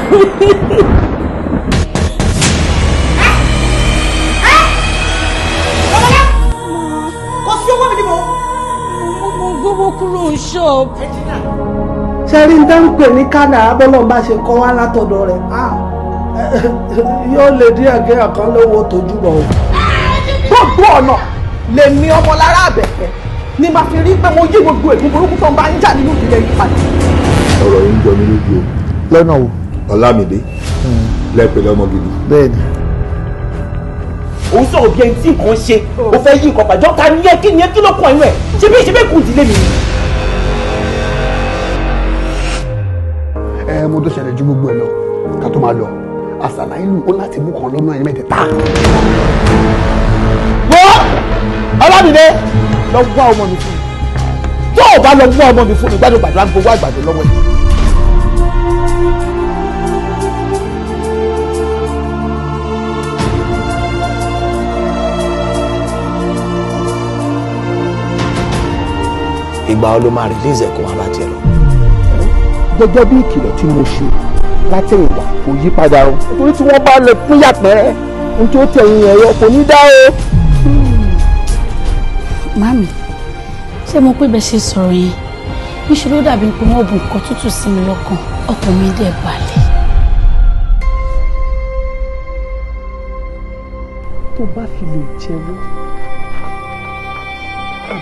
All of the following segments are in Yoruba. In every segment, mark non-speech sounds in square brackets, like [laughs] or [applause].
kò sẹ́rí ń dáńpẹ̀ ní kánà abọ́lọ́n bá ṣe kọ́ wá látọ̀dọ̀ rẹ̀ yóò lè díẹ̀ kí ọ̀kan lówó tójú bọ̀ o. gbogbo ọ̀nà lèmi ọmọ lára àbẹ̀fẹ̀ ni màá fi rí pé mo yí gbogbo ègún burúkú tó ń bá ń jà nínú ìpínlẹ̀ yìí padà. ọ̀rọ̀ yìí ń jọ mí lójú o lọ́nà wo. Ọlámídé hmm. lẹ́pẹ̀lẹ́ ọmọ gidi. bẹ́ẹ̀ni. òun sọ̀rọ̀ bí ẹni tí nǹkan ṣe oh. ó fẹ́ yí nǹkan pàjọ́ ta ni ẹ kí ni ẹ kí ló kọ inú ẹ ṣe bí ìṣẹ́bẹ̀ kù ìdílé mi. ẹ mo tó ṣẹlẹ̀ ju gbogbo ẹ lọ ká tó máa lọ àṣàlà ìlú ó láti mú kan lọ́nà ẹ̀yìn mẹ́tẹ̀ẹ̀ta. wọ́n Ọlámídé lọ wá ọmọ mi fún mi tó o bá lọ wá ọmọ mi fún mi gbàdúgbàdú àgbò wá àgbàdo lọ́wọ́ yìí. ìgbà wo ló máa release ẹ̀kọ́ wọn bá tiẹ̀ lọ. gẹ́gẹ́ bí ìkìlọ̀ tí mo ṣe látẹ̀yìn kò yí padà o nítorí tí wọ́n bá lè pín yàpẹ́rẹ́ ní tí ó tẹ̀yìn ẹ̀rọ kò ní dá o. mami ṣé mo pé bẹ́ẹ̀ ṣe sọ̀rọ̀ yẹn níṣẹ́ ló dàbí pé wọ́n bu nǹkan tútù sí mi lọ́kàn ọkàn mi dẹ̀ balẹ̀. tó bá fi lè jẹ́wọ́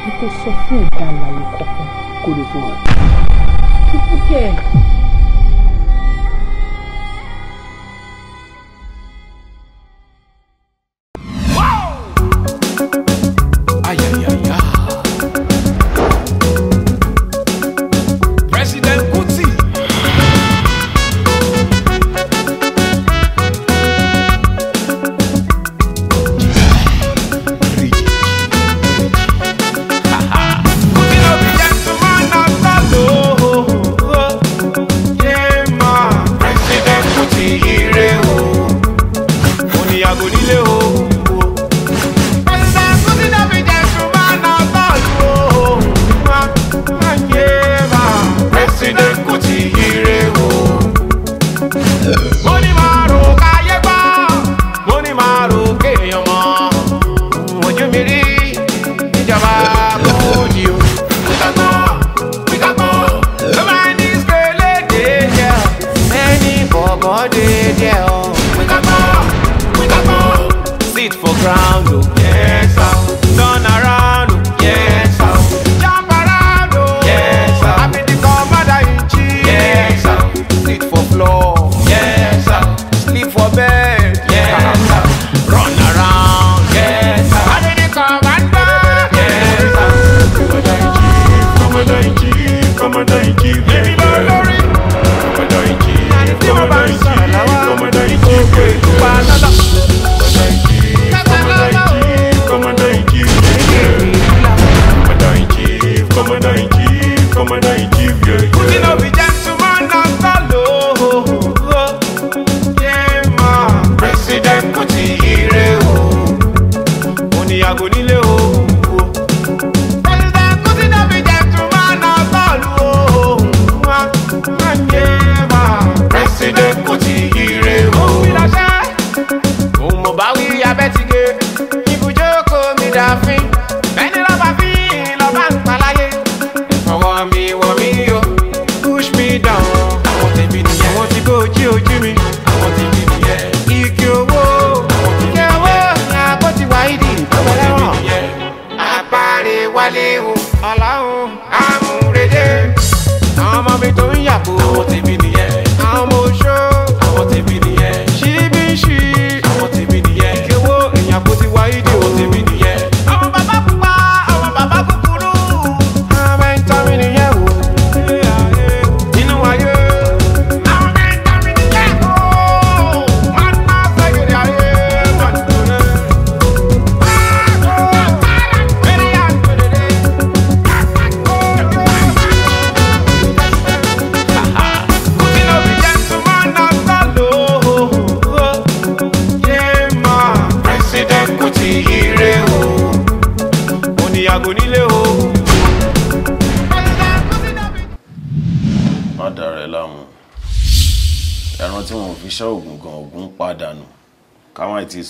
àbí kò sọ fún ìdá àlàyé kankan kò lè fún wa. kíkú kẹ́ ẹ̀.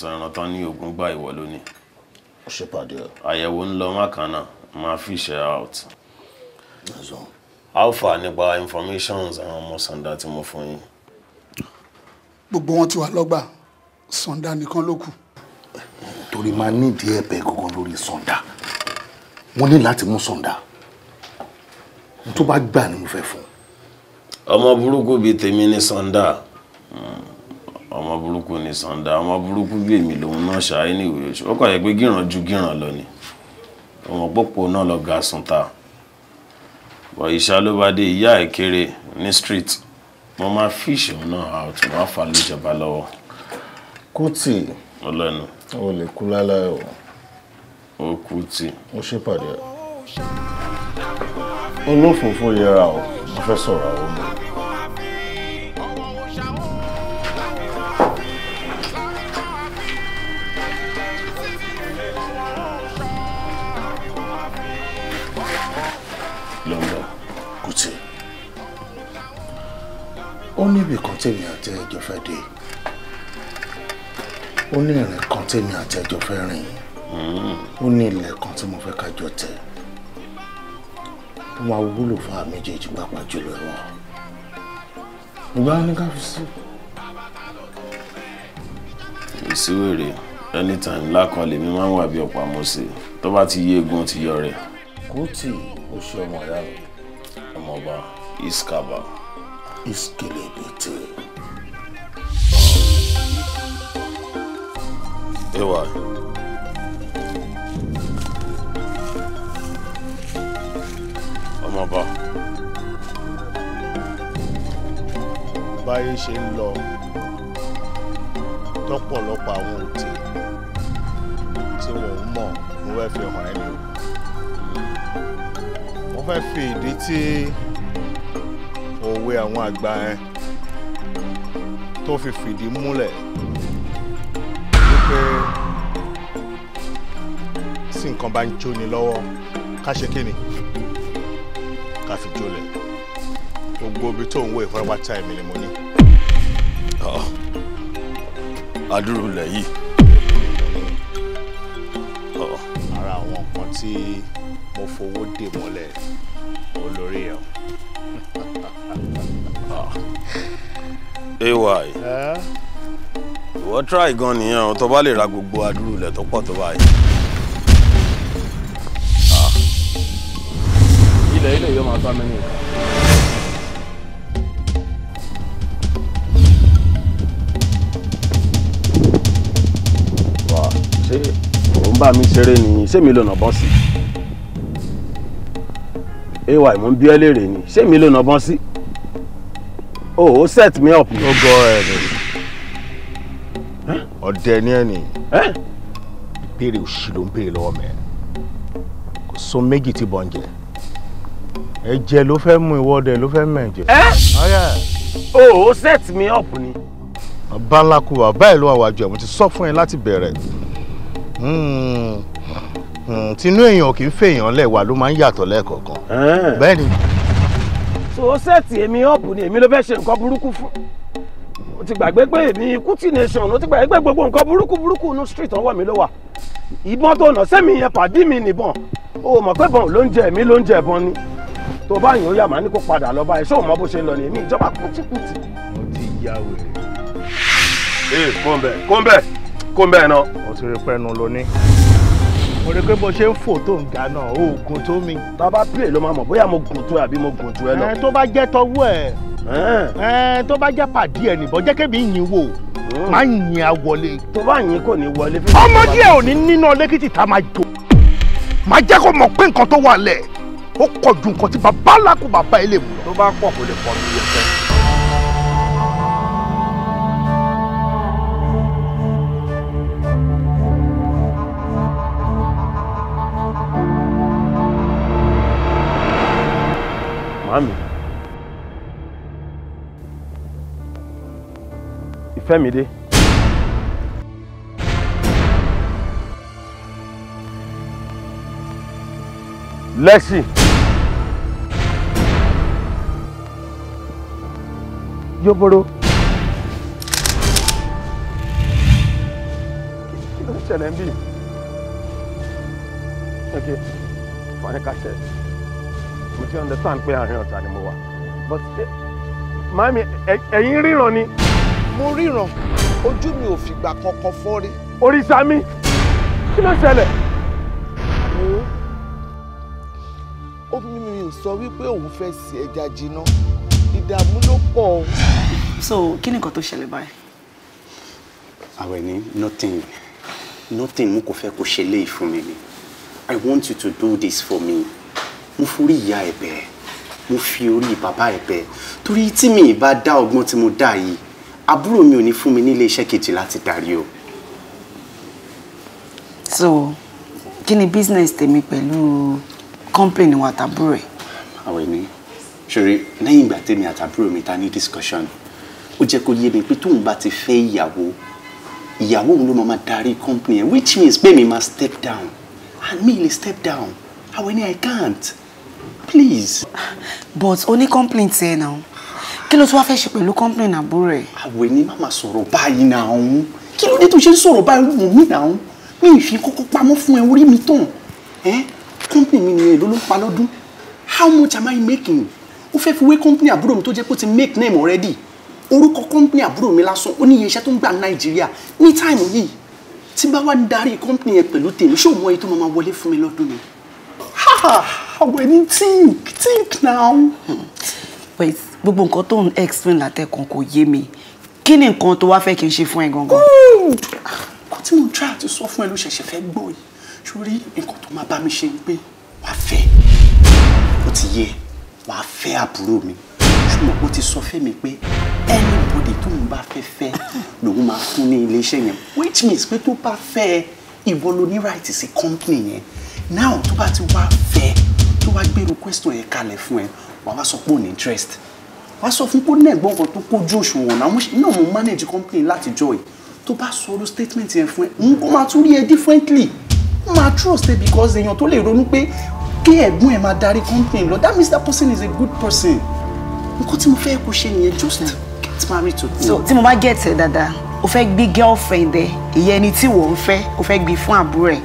àìsàn ẹran tán ní ogun gbá ìwọ lónìí. ó ṣe pàdé ẹ. àyẹ̀wò ń lọ mákànnà máa fi ṣe out. alpha nípa informations àwọn ọmọ sanda tí mo fún yín. gbogbo wọn ti wà lọ́gbà sanda nìkan ló kù. torí máa nídìí ẹ̀bẹ̀ gangan lórí sanda wọ́n ní láti mú sanda tó bá gbà ni mo fẹ́ fún. ọmọ burúkú bíi tèmi ní sanda. Mm ọmọ burúkú ni sànda ọmọ burúkú bí èmi lòun náà ṣááyé ní ìwé oṣù ó kàn yẹ pé gíràn ju gíràn lọ ni ọmọ pọ́pọ́ náà lọ ga sùn ta bọ̀ ìṣá ló bá dé ìyá ẹ̀ ní street mo máa fíìsì òun náà out mo á fà lójọba lọ́wọ́. Kútì ọlọ́nu o lè kú láláì o. o Kútì. ó ṣèpàdé olófòfò yẹra o mo fẹ́ sọ̀rọ̀ àwọn ọmọ. ó ní ibì kan tèmi àti ẹjọ́ fẹ́ dé ó ní ìrìn kan tèmi àti ẹjọ́ fẹ́ rìn ó ní ilẹ̀ kan tí mo fẹ́ ká jọ tẹ̀ ó máa wúlò fún àmì méjèèjì pàápàá jùlọ ẹ̀wọ̀n ìgbà ní ká fi sí. ìsíwèrè anytime lákan lèmi máa ń wà bí ọ̀pọ̀ àmọ́sí tó bá ti yé egun ti yọ rẹ̀. kùtì oṣù ọmọ ìyá mi ọmọ ọba iskaba iskelebete. Ewa. Ọmọọba. Báyé ṣe ń lọ lọ́pọ̀lọpọ̀ àwọn òtí tí wọ́n ń mọ̀ mo fẹ́ fi hàn ẹ́ ni o. fẹ́ fi ìdí tí òwe àwọn àgbà yẹn tó fi fìdí múlẹ̀ wípé tí nǹkan bá ń jóni lọ́wọ́ ká ṣe kíni ká fi jólẹ̀ gbogbo ibi tó ń wọ ìfarapata èmi ni mo ní. àdúrú lẹ̀ ara àwọn nǹkan tí mo fowó dè mọ́lẹ̀. wà yìí ìwọ try gan nìyẹn o tó bá lè ra gbogbo àdúrú ilẹ̀ tó pọ̀ tó báyìí. Ah. ilẹ̀ ilẹ̀ yóò máa sá mi ní ìka. wà ṣé ò ń bá mi ṣeré ni ṣé mi lò nà bọ́ sí. ay mo ń bí ẹ léèrè ni ṣé mi lò nà bọ́ sí. Oh, set me up. ó gọ ẹ ni ọdẹ ni ẹ ni ìbéèrè òṣì ló ń béèrè lọ́wọ́ mi kò so méjì tí bọ́n jẹ ẹ̀jẹ̀ ló fẹ́ mú ìwọ́dẹ ló Oh, mẹ̀jẹ̀. o oh, set me up ni. bàbá ńlá kú bàbá ẹ̀ ló wà wájú ẹ̀ mo ti sọ fún ẹ láti bẹ̀rẹ̀ hmm. Hmm. tinú èèyàn kì í fèèyàn lẹ́wà ló máa ń yàtọ̀ so set sẹ́ẹ̀tì up ọ̀bù ni èmi ló fẹ́ ṣe nǹkan burúkú fún ó ti gbàgbé pé èmi Kuti nation ó ti gbàgbé pé gbogbo nǹkan burúkú burúkú no street ọwọ́ mi ló wà ìbọn tó nà sẹ́mi yẹn pàdí mi nìbọn o mọ̀ pé bọn ló ń jẹ èmi ló ń ni tó bá yàn ó yà ma ní kó padà lọ báyìí ṣé o mọ bó ṣe lọ ní èmi ìjọba Kuti Kuti. ó ti ya we. Eh, kóńbẹ kóńbẹ kóńbẹ náà. mo ti rí pẹ́ẹ́nu lóní mo rí pé bó ṣe ń fò tó ń ga náà ó tó mi. tá a ló máa mọ̀ bóyá mo gùn tó àbí mo gùn tó ẹ lọ. tó bá jẹ́ tọwọ́ ẹ̀ tó bá jẹ́ pàdé ẹ̀ nìbọn jẹ́ kébi yín wò hmm. máa yin àwọlé. tó bá yin kò ní wọlé. ọmọdé ẹ ò ní níná lẹ́kìtì tá a máa jò. máa jẹ́ kó mọ̀ pé nǹkan tó wà lẹ̀ ó kọ̀ ju nǹkan tí bàbá làkú bàbá ẹ lè mú. tó bá pọ̀ kò lè pọ̀ nínú yẹn fẹ́. màámi. ìfẹ́ mi dé. Lexi. Yoboro. Kí ló ń ṣẹlẹ̀ ń bì? Okay, fún ẹ̀ka ṣẹlẹ̀ mo ti understand pé àárín ọ̀tá ni mo wà but eh, mami ẹ̀yin ríran ni. mo ríran ojú mi ò fìgbà kankan fọ́ rí. òrìṣà mi kí ló ṣẹlẹ̀. ó ní mi ò sọ wípé òun fẹ́ sí ẹja jiná ìdààmú ló pọ̀ o. so kí ni nǹkan tó ṣẹlẹ̀ báyìí. àwẹ̀ ni nothing nothing mo kò fẹ́ kó ṣe léyìí fún mi ni i want you to do this for me mo forí ìyá ẹ bẹ̀ mo fi orí bàbá ẹ bẹ̀ torí tí mi ì bá dá ọgbọ́n tí mo dá yìí àbúrò mi ò ní fún mi ní iléeṣẹ́ kejì láti darí o. so kí ni business tèmi pẹ̀lú company wa tàbúrò ẹ̀. àwọn ènìyàn ṣòro lẹ́yìn ìgbà tèmi àtàbúrò mi ta ní discussion ó jẹ́ kó yé mi pé tóun bá ti fẹ́ ìyàwó ìyàwó òun ló máa darí company ẹ̀ which means pé mi máa step down and me lè step down àwọn ènìyàn I can't please. but only ní complaint ẹ náà kí ló tún wá fẹ́ ṣe complaint àbúrò ẹ̀. àwẹ̀ ni màmá sọ̀rọ̀ báyìí náà òun kí ló dé tó ṣe ń sọ̀rọ̀ báyìí wù mí náà mi ì koko kókó pamọ́ fún ẹ orí mi tàn ẹ́ complaint mi ni ló lo ń pa lọ́dún how much am I making ó fẹ́ fi wé company àbúrò mi tó jẹ́ pé ti make name already orúkọ company àbúrò mi lásán Oni ní iye iṣẹ́ tó ń gbà nàìjíríà ní táìmù yìí tí bá company yẹn pẹ̀lú tèmi ṣé òun mọ iye tó máa wọlé fún mi lọ́dún ni àwẹ̀ ní think think now. wait hmm. gbogbo nǹkan tó ń explain látẹ̀kùn kò yé mi kí ni nǹkan tó wá fẹ́ kí n ṣe fún ẹ gangan. good nǹkan tí mo try to sọ fún ẹ ló ṣẹ̀ṣẹ̀ fẹ́ gbọ́ yìí sórí nǹkan tó máa bá mi ṣe ni pé wàá fẹ́ ó ti yẹ wàá fẹ́ àbúrò mi ṣùgbọ́n ó ti sọ fẹ́ mi pé anybody tó ń bá fẹ́ fẹ́ lòun máa fún ní iléeṣẹ́ yẹn which means pé tó bá fẹ́ ìwọ lo ní right sí company yẹn now tó bá ti wá fẹ́ tó wá gbèrò request yẹn kalẹ̀ fún ẹ wàá wá sọ pé ò ní interest wàá sọ fún pé ó náà gbọ́n kan tó kójú òṣùwọ̀n náà náà mo manage company látijọ́ yìí tó bá sọ̀rọ̀ statement yẹn fún ẹ n kò máa tún rí ẹ differently n máa trust ẹ because èèyàn tó lè ronú pé kí ẹ̀gbọ́n ẹ máa darí company lọ that means that person is a good person nǹkan tí mo fẹ́ kó ṣe nìyẹn just hmm. get married to me. so tí mo bá get ẹ dáadáa o fẹ́ gbé girlfriend ẹ ìyẹn ẹni tí wọ́n ń fẹ́ o fẹ́ gbé fún àbúrò ẹ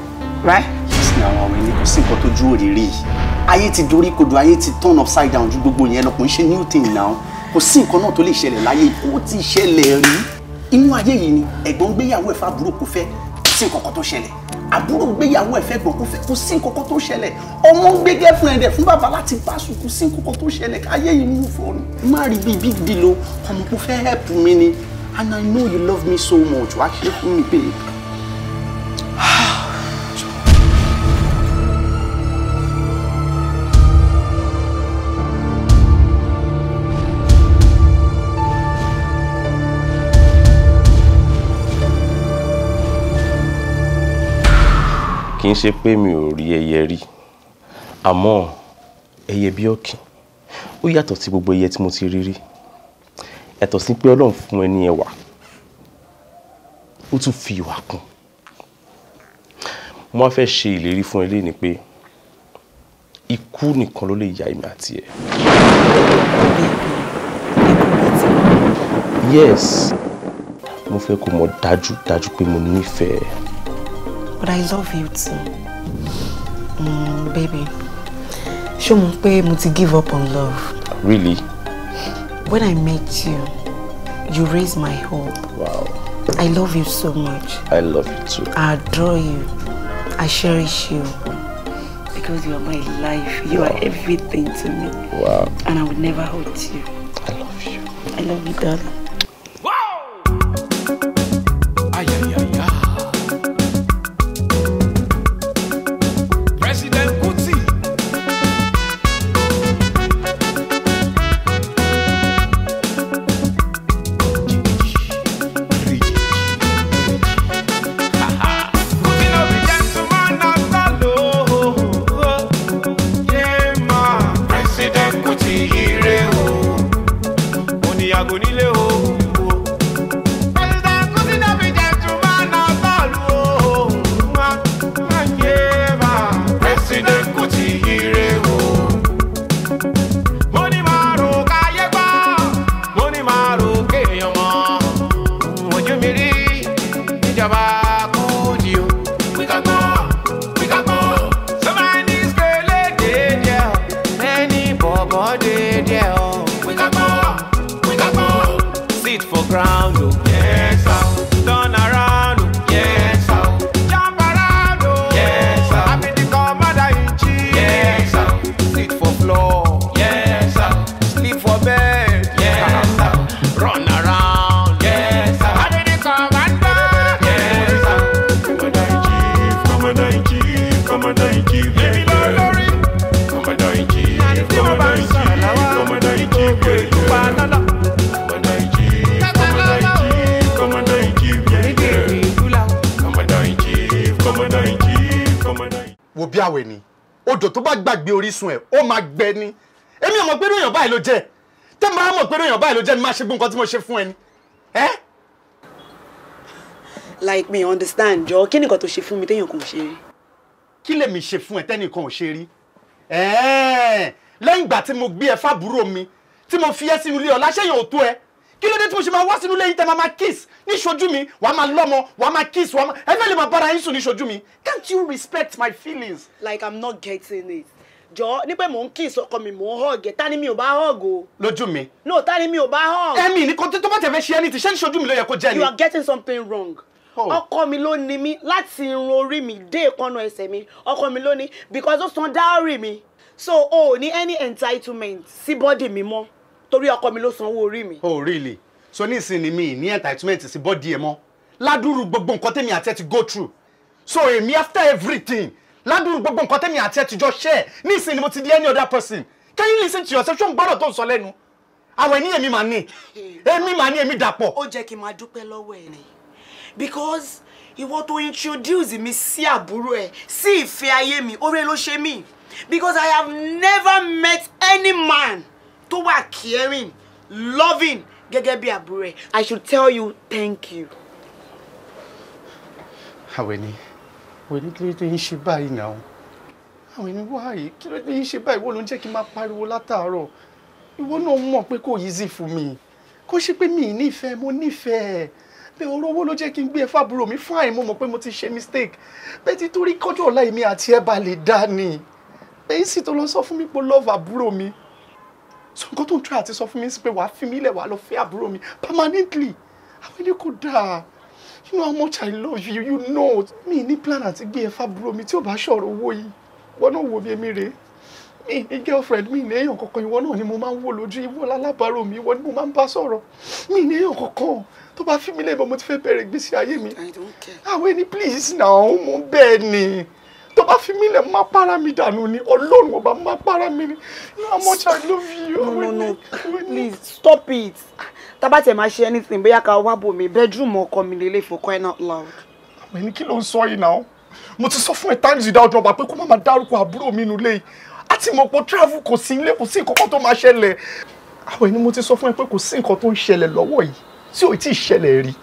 right. yes na àwọn ọmọ ẹni kò sí nǹkan tó dúró rírí yìí ayé ti dorí kodò ayé ti turn upside down ju gbogbo yẹn lọ kò ń ṣe new thing now kò sí nǹkan náà tó lè ṣẹlẹ̀ láyé ó ti ṣẹlẹ̀ rí inú ayé yìí ni ẹ̀gbọ́n gbéyàwó ẹ̀fà àbúrò kò fẹ́ sí nǹkan kan tó ṣẹlẹ̀ àbúrò gbéyàwó ẹ̀fẹ́ gbọ̀n kò fẹ́ kò sí nǹkan kan tó ṣẹlẹ̀ ọmọ ń gbé girlfriend ẹ̀ fún bàbá láti pàṣù kò sí nǹkan kan tó ṣẹlẹ̀ ayé yìí mú fọ́ọ̀nù má rí bíi big deal o ọmọ kò fẹ́ help mi ni and I know you love me so much wàá ṣe fún mi babe. kì í ṣe pé mi ò rí ẹyẹ rí àmọ́ ẹyẹ bí ọ̀kín ó yàtọ̀ sí gbogbo ẹyẹ tí mo ti rí rí yàtọ̀ sí pé ọlọ́run fún ẹ ẹwà ó tún fi ìwà kún mo wá fẹ́ ṣe ìlérí fún ẹ léyìn pé ikú nìkan ló lè ya èmi àti ẹ. yes mo fẹ́ kó mọ̀ dájúdájú pé mo nífẹ̀ẹ́ but I love you too. Mm, baby, ṣé mo pé mo ti give up on love. Really? When I met you, you raised my hope. Wow. I love you so much. I love you too. I adore you. I cherish you. Because you are my life. You wow. are everything to me. Wow. And I would never hurt you. I love you. I love you, darling. tó bá gbàgbé orísun ẹ̀ ó máa gbẹ ni èmi ọmọ gbẹdọ̀ èèyàn báyìí ló jẹ́ tẹ́ máa mọ̀ gbẹdọ̀ èèyàn báyìí ló jẹ́ ni máa ṣe gbọ́n tí mo ṣe fún ẹ ni. like me understand jọ kí nìkan tó ṣe fún mi téèyàn kò ṣe rí. kí lèmi ṣe fún ẹ tẹ́nìkan ò ṣe rí lẹ́yìn ìgbà tí mo gbé ẹ fábúrò mi tí mo fi ẹ sínú ilé ọ̀la ṣẹ́yìn ò tó ẹ kí ló dé tí mo ṣe máa wá sínú lẹ́yìn tẹ́ máa máa kiss ní ṣojú mi wàá máa lọ́mọ wàá máa kiss wàá máa ẹ lè máa bára yín sùn ní ṣojú mi can't you respect my feelings. like i'm not getting it jọ ní pé mò ń kiss ọkọ mi mò ń hug Tani ta ni mi ò bá hug lójú mi. no Tani ni mi ò bá hug. ẹ̀mí ní kò tó bá tẹ̀ fẹ́ ṣe ẹni tí ṣé ní ṣojú mi ló yẹ kó jẹ́ ni. you are getting something wrong oh. ọkọ mi ló ní mi láti irun orí mi dé ìkànnà ẹsẹ̀ mi ọkọ mi ló ní because ó san dáórì mi so o ò ní any entitlement sí bọ́dì mi mọ́ torí ọkọ mi ló sanwó orí mi. oh really so nísìnyí mi ní entitlement sí bọ́ọ̀dì ẹ̀ mọ́ ládùúrú gbogbo nǹkan tẹ̀mí àti ẹ̀ ti go through so èmi after everything ládùúrú gbogbo nǹkan tẹ̀mí àti ẹ̀ ti jọ share nísìnyí mo ti di any other person can you listen to yourself ṣé o ń gbọ́dọ̀ tó ń sọ lẹ́nu àwọn ẹni èmi màá ní [laughs] èmi màá ní èmi dàpọ̀. ó jẹ́ kí n máa dúpẹ́ lọ́wọ́ ẹ̀ ni because ìwọ tó introduce mi sí àbúrò ẹ̀ sí ìfẹ́ ayé mi oore ló ṣe mí because I have never met any man tó wà caring loving gẹ́gẹ́ bí àbúrò ẹ̀ I should tell you thank you. àwẹ̀ni àwẹ̀ni kí ló dé ń ṣe báyìí náà àwẹ̀ni wáyé kí ló dé ń ṣe báyìí wọ́n ló ń jẹ́ kí n máa pariwo látàárọ̀ ìwọ náà mọ̀ pé kò yí sí fún mi kó ṣe pé mi ì nífẹ̀ẹ́ mo nífẹ̀ẹ́ bẹ́ẹ̀ ọ̀rọ̀ owó ló jẹ́ kí n gbé ẹ̀fà àbúrò mi fine mo mọ̀ pé mo ti ṣe mistake bẹ́ẹ̀ ti torí kọjọ́ ọ̀la èmi àti ẹ̀ bá lè dá ni bẹ́ẹ̀ sì tó lọ sọ fún mi pé love àbúrò mi so nǹkan tó ń try àti sọ fún mi sí pé wàá fi mí lẹ̀ wàá lọ fẹ́ àbúrò mi permanently àwọn ilé kò dáa you know how much I love you you know mi ní plan àti gbé ẹ fábúrò mi tí ò bá ṣọ̀rọ̀ owó yìí wọn náà wò mí èmi rèé mi ní girlfriend mi ní èèyàn kankan ìwọ náà ni mo máa ń wò lójú ìwọ lálábàárò mi ìwọ ni mo máa ń bá sọ̀rọ̀ mi ní èèyàn kankan tó bá fi mí lẹ̀ bọ́ mo ti fẹ́ bẹ̀rẹ̀ gbèsè ayé mi don't care àwọn ẹni please now mo bẹ́ẹ̀ ni tó bá fi mí lẹ̀ má para mi dànù ni ọlọ́run ọba má para mi ni how much I love you. no no no please stop it tábà tẹ̀ máa ṣe anything bóyá ká wá bò mí bedroom ọkọ mi lè lè for crying out loud. àmì ní kí ló ń sọ yìí náà mo ti sọ fún ẹ times without rubber pé kó má máa dárúkọ àbúrò mi nulẹ̀ yìí àti mo pọ̀ travel kò sí ilé kò sí nǹkan tó máa ṣẹlẹ̀ àwọn ẹni mo ti sọ fún ẹ pé kò sí nǹkan tó ń ṣẹlẹ̀ lọ́wọ́ yìí tí ò tí ì ṣẹlẹ̀ rí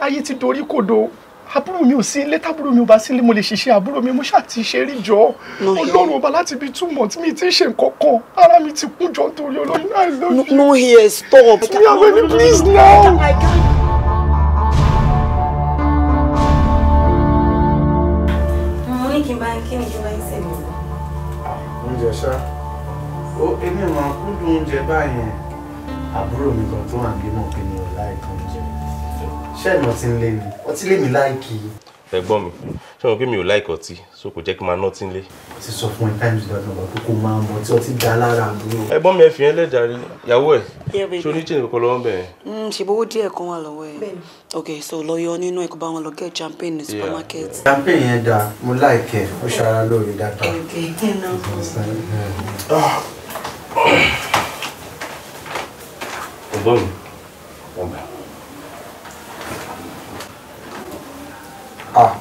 ayé ti dorí kòdo àbúrò mi ò sí ilé tábúrò mi ò bá sílé mo lè ṣiṣẹ́ àbúrò mi mo ṣáà ti ṣe rí jọ ọlọ́run ọba láti bíi two months mi ti ṣe nǹkan kan ara mi ti kún jọ nítorí ọlọ́run náà lójú. no here stop. mi àwọn ẹni please now. ó èmi máa kúndùn oúnjẹ báyẹn àbúrò mi kan tó wà nínú òkè ni ò láìpẹ́ ṣé ẹ̀nà ti ń lé mi ọtí lé mi láìkì. ẹ̀gbọ́n mi ṣé wọn pé mi ò láìkì ọtí so kò jẹ́ kí n máa nọ́tí lé. mo ti sọ fún ẹ times dọ́dún ọba pé kò máa mọ ọtí ọtí dá lára àbúrò. ẹ̀gbọ́n mi ẹ fi yẹn lẹ́jà rí ìyàwó ẹ̀ ṣé oníjìnlẹ̀ kọ́ lọ́wọ́ bẹ̀rẹ̀. Mm, ṣèbówó díẹ̀ kan wà lọ́wọ́ ẹ̀ ok so lọ yọ nínú ẹ̀ kó bá wọn lọ get champagne ní supermarket. champagne yẹn da mo like, ó ṣara lóore dáadáa. ẹ̀ẹ́dẹ̀ ẹ̀ náà. ọgbọ́n mi ọgbà. Ah.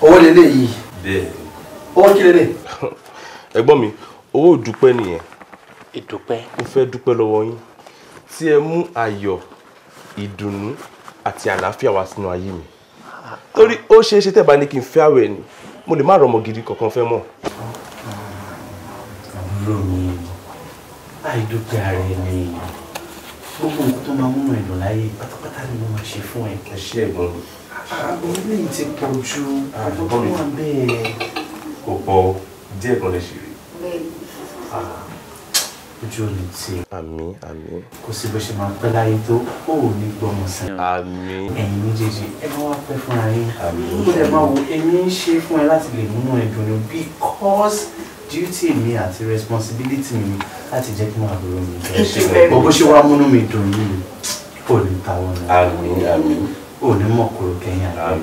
owó lélẹ̀ yìí. bẹ́ẹ̀. owó kí lélẹ̀. [laughs] ẹ̀gbọ́n mi owó ìdúpẹ́ nìyẹn. ìdúpẹ́. mo fẹ́ dúpẹ́ lọ́wọ́ yín tí ẹ mú ayọ̀ ìdùnnú àti àlàáfíà wá sínú ayé mi torí ó ṣeé ṣe tẹ́ bá ní kí n fẹ́ àwẹ̀ ni mo lè má rọmọ gidi kankan fẹ́ mọ̀. àbúrò mi àìdúpẹ́ ara ẹni gbogbo nǹkan tó máa múnú ẹ̀dùn láyé pátápátá ni mo máa ṣe fún ẹ. ẹ ṣé ẹ̀gbọ́n mi àgọ́ lẹ́yìn ti pọ̀ ju àgọ́ tó wà bẹ́ẹ̀. kò pọ̀ díẹ̀ kan lè ṣe rí. ojú ò ní tì. àmín àmín. kò sí bó ṣe máa pẹ́ láyé tó ó ò ní gbọ́mọ sí. àmín. ẹ̀yin méjèèjì ẹ máa wá pẹ́ fúnra yín. àmín. ó lè máa wo èmi ń ṣe fún ẹ láti lè múnú ẹ ní because duty mi àti responsibility mi láti jẹ́ kí wọ́n àbúrò mi jẹ́ ṣe gbogbo ṣé wàá múnú mi dùn yìí kò ní tàwọn náà. àmín ò oh, ní mọ̀ kúrò kẹ́yìn àná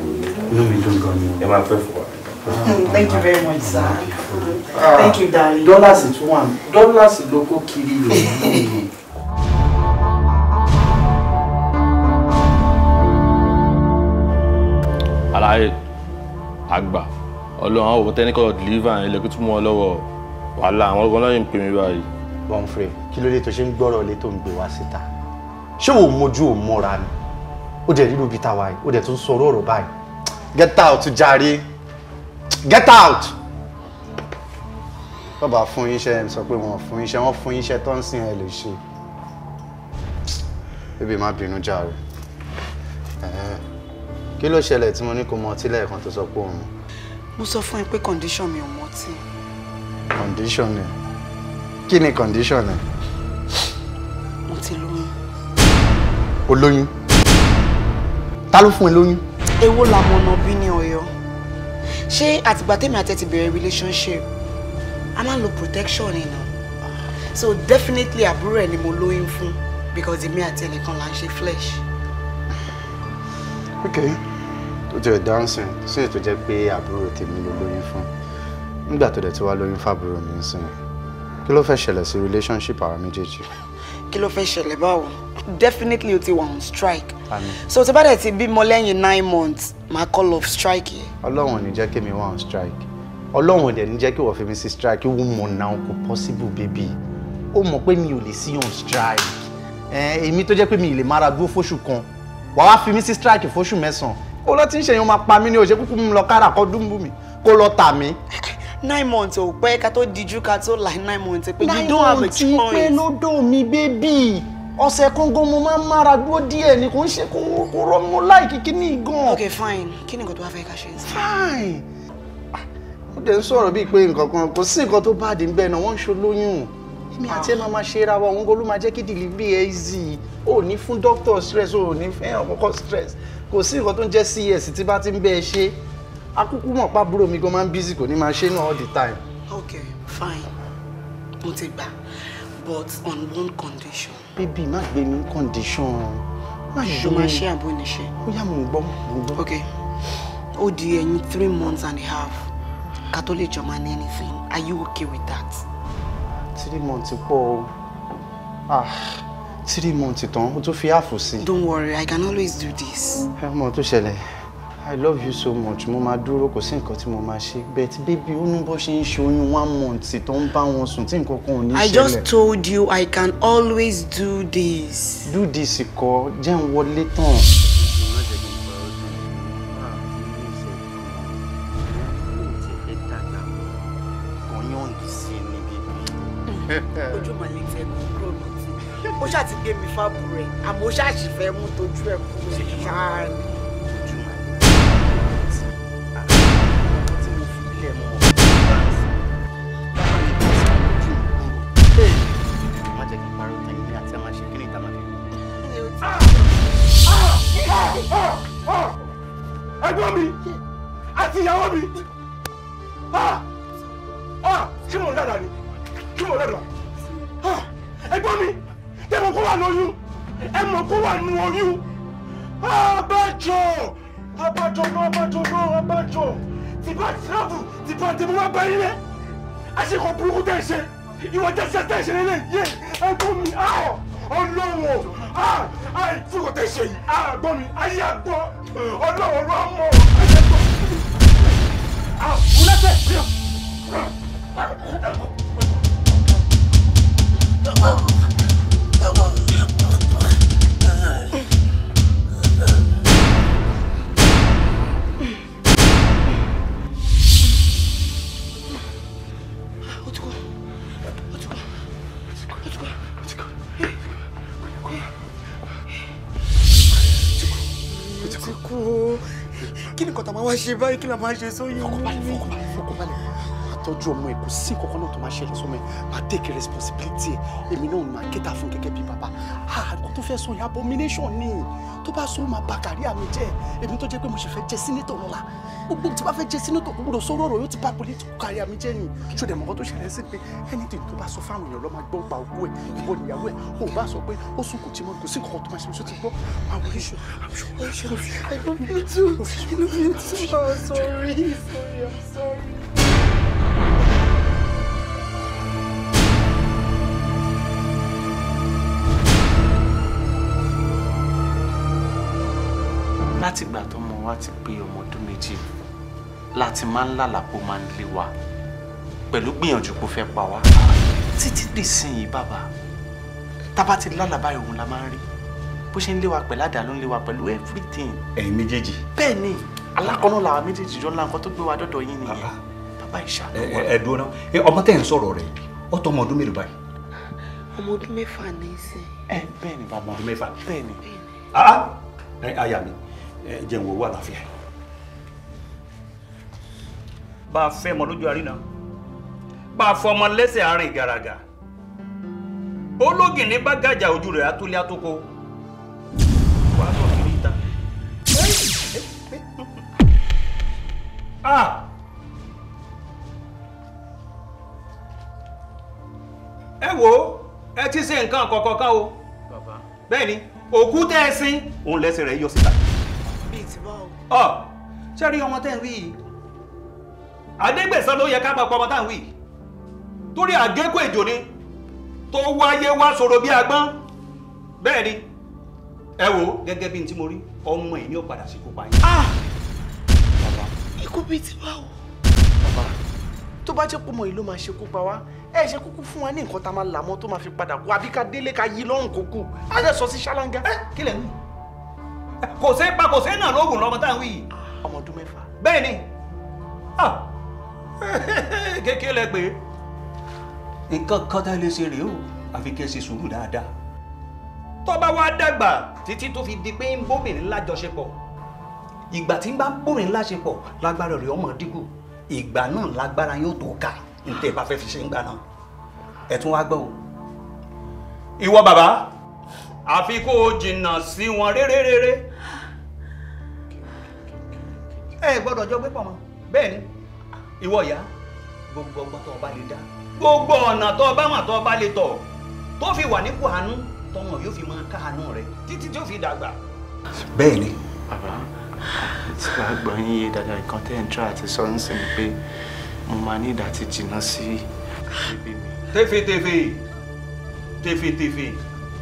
inú mi dùn gan ni. ẹ máa fẹ́ fún hmm, thank you very much sir ah, thank you darling. Dollars is one. Dollars ló kó kiri lò [laughs] agba. aláyé àgbà ọlọ́run àwọn òbọ̀tẹ́ ní deliver ilẹ̀ kó tún mú ọ lọ́wọ́ wàhálà àwọn ọgbọ́n lọ́yìn pè mí báyìí. Bonfrey kí ló dé tó ṣe ń gbọ́rọ̀ lé tó ń gbé wá síta ṣé òun mojú òun ni ó dẹ̀ rí lóbi táwa yìí ó dẹ̀ tún sọ̀rọ̀ ọ̀rọ̀ báyìí get out jàre get out. bàbá fún yín iṣẹ́ sọ pé wọ́n fún yín iṣẹ́ wọ́n fún yín iṣẹ́ tó ń sìn ẹ lè ṣe bébè má bínú jàre kí ló ṣẹlẹ̀ tí mo ní kó mọ ọtí lẹ́ẹ̀kan tó sọ pé òun. mo sọ fún ẹ pé condition mi ò mọ ọtí. condition ẹ kí ni condition ẹ. mo ti lóyún. o lóyún ta ló fún ẹ lóyún. èwo làwọn ọ̀nà bí ní ọ̀yọ́ ṣé àtìgbà tèmi àti ti bẹ̀rẹ̀ relationship a máa lo protection ni na so definitely àbúrò ẹ ni mo lóyún fún because èmi àti ẹnìkan là ń ṣe flesh. okay tó jẹ́ dáńsìn sí ètò jẹ́ pé àbúrò tèmi ló lóyún fún nígbà tó dẹ̀ ti wá lóyún fábúrò mi ń sìn kí ló fẹ́ ṣẹlẹ̀ sí relationship àwọn méjèèjì. kí ló fẹ́ ṣẹlẹ̀ báwo definitely o ti wà on strike so tí bá dẹ̀ ti bímọ lẹ́yìn nine months máa call off strike yẹn. ọlọ́run ò ní jẹ́ kí mi wá on strike ọlọ́run ò dẹ̀ ní jẹ́ kí wọ́n fi mi sí strike wọ́n mọ̀ náà kò possible baby ó mọ̀ pé mi ò lè sí on strike èmi tó jẹ́ pé mi ì lè mára dúró fóṣù kan wàá wá fi mi sí strike fóṣù mẹ́sàn-án ó lọ ti ń ṣe yẹn máa pa mí ní òṣè kúkú mi lọ kára kọ́ dúnbù mi kó lọ tà mí. [laughs] nine months ò pẹ́ ká tó dijú ká tó là nine months pé you don't have a choice. nine months pé lọ́dọ̀ mi bébì ọ̀sẹ̀ kangan mo máa ń mára dúró díẹ̀ ni kò ń ṣe kó rọ́mú láìkí kíní gan. ok fine kí ni nǹkan tó wá fẹ́ ká ṣe fine ó dẹ̀ ń sọ̀rọ̀ bíi pé nǹkan kan kò sí nǹkan tó bá dé níbẹ̀ náà wọ́n ń ṣolóyún èmi àti ẹ̀ máa máa ṣe ra wa òun ló máa jẹ́ kí delivery easy ò ní fún doctor stress ò ní fẹ́ ọkọ̀ stress kò sí nǹkan tó ń jẹ́ cs tí bá ti ń bẹ́ ẹ ṣe akúkú mọ̀ pàbúrò mi gan máa ń busy kò ní máa ṣe náà all the time. ok fine mo ti gbà but on one condition Baby, má gbé mi condition. má gbé mi. ṣo máa ṣe àbọ̀ níṣẹ́. ó yá mò ń gbọ́ di ẹyin three months and a half ká tó lè jọ máa anything are you okay with that. three months pọ̀ ah three months tán o tún fi ààfò sí. don't worry i can always do this. ẹ mọ̀ tó ṣẹlẹ̀. I love you so much mo máa dúró kò sí nǹkan tí mo máa ṣe but baby ó ní bó ṣe ń ṣe oyún one month tó ń bá wọn sùn tí nǹkan kan ò ní I just told you I can always do this. do this kọ jẹ́ ń wọlé tán. ojú màlẹ́ tẹ́ kú kúrò lọ́tì ó ṣàtìgbé mi fábùrẹ̀ àmọ́ ó ṣàṣìfẹ́ mú tójú ẹ̀ kẹ́ mọ̀ ọ́. bàbá mi kò sí ojú ìgboro. má jẹ́ kí n pariwo tẹ̀yìn ní àti àmàṣe kí ni ìta máa fi kú. ẹ̀gbọ́n mi àti ìyàwó mi ṣé mo dára ni ṣé mo dára ẹ̀gbọ́n mi tẹ́ mo kó wà lóyún ẹ mọ̀ kó wà nù oyún abájọ abájọ náà abájọ náà abájọ. Tipa sinabu tipa tẹ mo máa bá yín lẹ àṣekọ burúkú tẹ ṣe ìwọ tẹ ṣe tẹ ṣe lélẹ yé ẹ̀gbọ́n mi àwọ ọlọwọ àìtí kò tẹ ṣe yìí àgbọn mi ayé àgbọ ọlọwọ ló mọ ẹgbẹ tó. àkúlẹ́sẹ̀ bí o. Oh. je sais pas la Faut parle, tọ́jú ọmọ ẹ̀ kò sí kankan náà tó máa ṣẹlẹ̀ sọmọ ẹ̀ máa take responsibility ẹ̀ èmi náà máa kéta fún gẹ́gẹ́ bí bàbá àkókò tó fẹ́ sọ yẹn abomination ni tó bá sọ máa bà kárí àmì jẹ́ èmi tó jẹ́ pé mo ṣe fẹ́ jẹ́ senator lọ́la gbogbo tí bá fẹ́ jẹ́ senator gbogbo sọ̀rọ̀ ọ̀rọ̀ yóò ti bá political kárí àmì jẹ́ ni ṣó dẹ̀ tó ṣẹlẹ̀ sí pé anything tó bá sọ fáwọn èèyàn lọ́ máa gbọ́ gba owó ẹ̀ ìwọ níyàwó ẹ̀ ò bá sọ pé ó sùn kò tí mọ́ kò sí nǹkan tó máa ṣe ti gbọ́ àwọn iṣu I love you too I love you too oh sorry sorry I'm sorry. látìgbà tọ́mọ wa ti pé ọmọ ọdún méjì láti máa ń lálàpọ̀ máa ń lé wa pẹ̀lú gbìyànjú kó fẹ́ pa wá títí dìsìn bàbá tábà ti lálàbá ìhun la máa ń rí bó ṣe ń lé wa pẹ̀lú àdá ló ń lé wa pẹ̀lú everything. ẹ̀yin méjèèjì. bẹ́ẹ̀ ni alákọ̀ọ́nà làwọn méjèèjì jọ ńlá nǹkan tó gbé wa dọ́dọ̀ yín nìyẹn bàbá ìṣàlọ́ wa. ẹ dúró náà ọmọ tẹ̀ ń sọ̀rọ̀ rẹ̀ ó tọ́ ọmọ ọdún mélòó báyìí. ọmọ ọdún mẹ́fà ní í sìn. ẹ bẹ́ẹ̀ ni bàbá ọdún mẹ́fà. bẹ́ẹ̀ Eh, jẹ́ ìwò wà láfíà bá a fẹ́ ọmọ lójú àríná bá a fọ ọmọ lẹ́sẹ̀ àárín gàràgà ológin ní bá gàjà ojú rẹ̀ atúlé wàá ah! ẹ wo ẹ ti ṣe nǹkan kọ̀ọ̀kan kan o bẹ́ẹ̀ òkú ẹ sin ọ ṣé rí ọmọ tẹ́ ń wí yìí àdégbèsán ló yẹ ká máa pọ ọmọ tá à ń wí torí àgékò èjò ni tó wáyé wá sọ̀rọ̀ bí agbọ́n bẹ́ẹ̀ ni ẹ wò gẹ́gẹ́ bí n tí mo rí ọmọ yìí ni ó padà sí kópa yín. Ah! ikú bíi ti báwo. bàbá tó bá jẹ́ pọ́mọ yìí ló máa ṣekú pa wá ẹ ṣe kúkú fún wa ní nǹkan tá a máa là mọ́ tó máa fi padà kú àbí ká délé ká yí lọ́rùn kó á dẹ̀ sọ sí ṣáláńgá. Eh, kílẹ̀ nù kò sí pa kò sí náà lóògùn lọ́mọ táwọn wí yìí. ọmọ ọdún mẹ́fà. bẹ́ẹ̀ ni ah. [laughs] kékeré lẹ pé nǹkan kan tá a lè ṣe rèé o àfi kẹ́ ẹ ṣe sùúrù dáadáa tó bá wá dàgbà títí tó fi di pé ń bóbìnrin lájọṣepọ̀ ìgbà tí ń bá bóbìnrin láṣepọ̀ lágbára rẹ̀ ọmọ dínkù ìgbà náà lágbára yóò tó ká nítorí bá fẹ́ fi ṣe ń gbà náà ẹ̀ tún wá gbọ́ o ìwọ bàbá àfi kó o jìnnà sí wọn réréréré. ẹ gbọ́dọ̀ jọ gbé pọ̀ mọ́ bẹ́ẹ̀ ni ìwọ ìyá gbogbo ọgbọ́n tó o bá lè dá gbogbo ọ̀nà tó o bá mọ̀ tó o bá lè tọ̀ tó fi wà nípò àánú tọmọ yóò fi máa káàánú rẹ títí tí ó fi dàgbà. bẹ́ẹ̀ ni. bàbá tí wàá gbọ́ yín yé dáadáa nǹkan tẹ́ ń tra àti sọ ń sìn pé mo máa ní ìdá ti jìnnà sí ibi mi. tefetefe tefetefe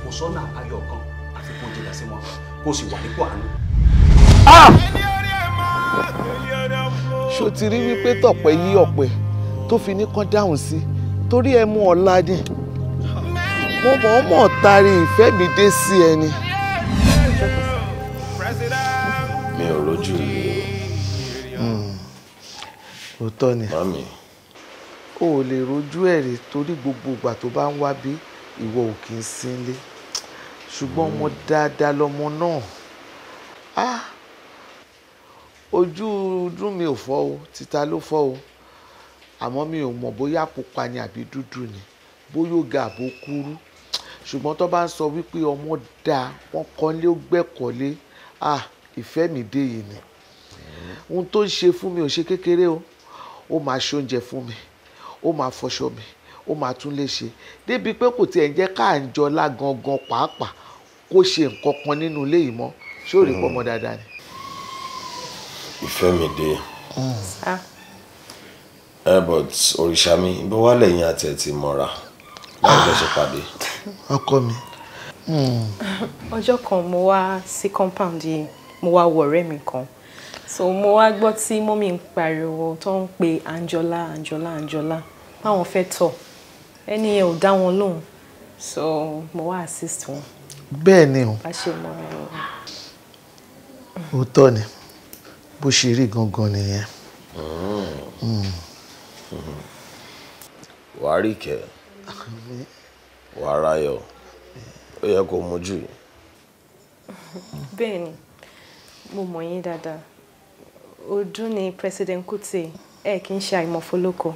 kò sọ́nà àbáyọ kan àti kó jìnnà sí wọn kó sì wà nípò àánú. Ah! ṣó ti rí wípé tọ̀pẹ́ yí ọ̀pẹ tó fi ní kán dáhùn sí torí ẹ mú ọ̀la ni mo mọ̀ ọ́ mọ̀ tari ìfẹ́ mi dé sí ẹni. mi ò rojú rí o. Hmm. òótọ́ ni o ò lè rojú ẹ̀rí torí gbogbo ìgbà tó bá ń wá bí ìwọ ò kì í sínlé ṣùgbọ́n ọmọ dáadáa lọmọ náà á ojú dùn mi ò fọ́ o títa ló fọ́ o àmọ́ mi ò mọ̀ bóyá pupa ni àbí dúdú ni bóyá ògà àbó kúrú ṣùgbọ́n tó bá ń sọ wípé ọmọ da wọ́n kọ́lé ó gbẹ́kọ̀lé à ìfẹ́ mi dé yìí ni ohun tó ń ṣe fún mi ò ṣe kékeré o ó máa ṣoúnjẹ fún mi ó máa fọṣọ mi ó máa tún lè ṣe débi pé kò tiẹ̀ ń jẹ́ ká à ń jọlá gangan pàápàá kó ṣe nǹkan kan nínú ilé yìí mọ́ ṣé ò rí pọ̀ mọ́ mm-hmm. dáadáa ni. ìfẹ́ mi dé airport mm. eh, òrìṣà mi bí wàá lẹ́yìn àti ẹ̀ ti mọ́ra láì lọ ṣe pàdé. Ah, ọkọ mi. Mm. [laughs] ọjọ́ kan mo wá sí compound yìí mo wá wo ọ̀rẹ́ mi kan so mo wá gbọ́ tí mọ́mí ń pariwo tó ń pe Anjola Anjola Anjola báwọn fẹ́ tọ̀ ẹni yẹn ò dá wọn lóhùn so mo wá assist wọn bẹ́ẹ̀ ni o òótọ́ ni bó ṣe rí gangan nìyẹn. Hmm. Hmm. wàá rí ìkẹ́ wàá ráyọ̀ ó yẹ kó mojú yìí. bẹ́ẹ̀ ni mo mọ̀ yín dáadáa ọdún ni president Kuti, ẹ kì í ṣe àìmọ̀fólókò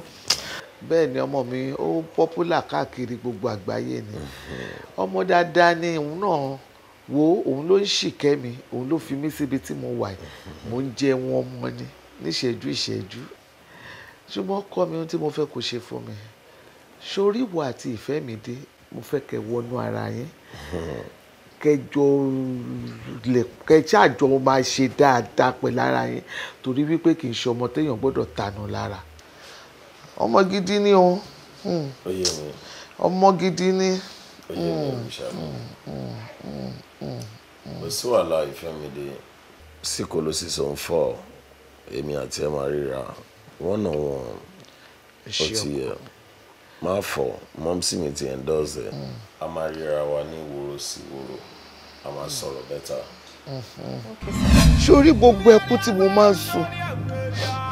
bẹ́ẹ̀ ni ọmọ mi ó pọ́pùlà káàkiri gbogbo àgbáyé ni ọmọ dáadáa ni òun náà wo òun ló ń ṣìkẹ́ mi òun ló fi mí síbi tí mo wà mò ń jẹ wọn mọ ni níṣẹ́jú ìṣẹ́jú ṣùgbọ́n kọ́ mi ohun tí mo fẹ́ kó ṣe fún mi sórí ìwọ àti ìfẹ́ mi dé mo fẹ́ kẹ́ wọnú ara yín kẹjọ lè kẹjọ àjọ máa ṣe dáadáa pẹ̀lú ara yín torí wípé kì í ṣe ọmọ téèyàn gbọ́dọ̀ tànù lára ọmọ gidi ni o hmm. ọmọ gidi ni. Hmm. Hmm. kò sí wàhálà ìfẹ́ mi dé sí kolosi sọ ń fọ èmi àti ẹ máa ríra one on one ó ti yẹ máa fọ mọ́mísì mi ti endorse ẹ̀ a máa ríra wa ní woro sí woro a máa sọ̀rọ̀ bẹ́tà. ṣé orí gbogbo ẹkún tí mo máa ń sun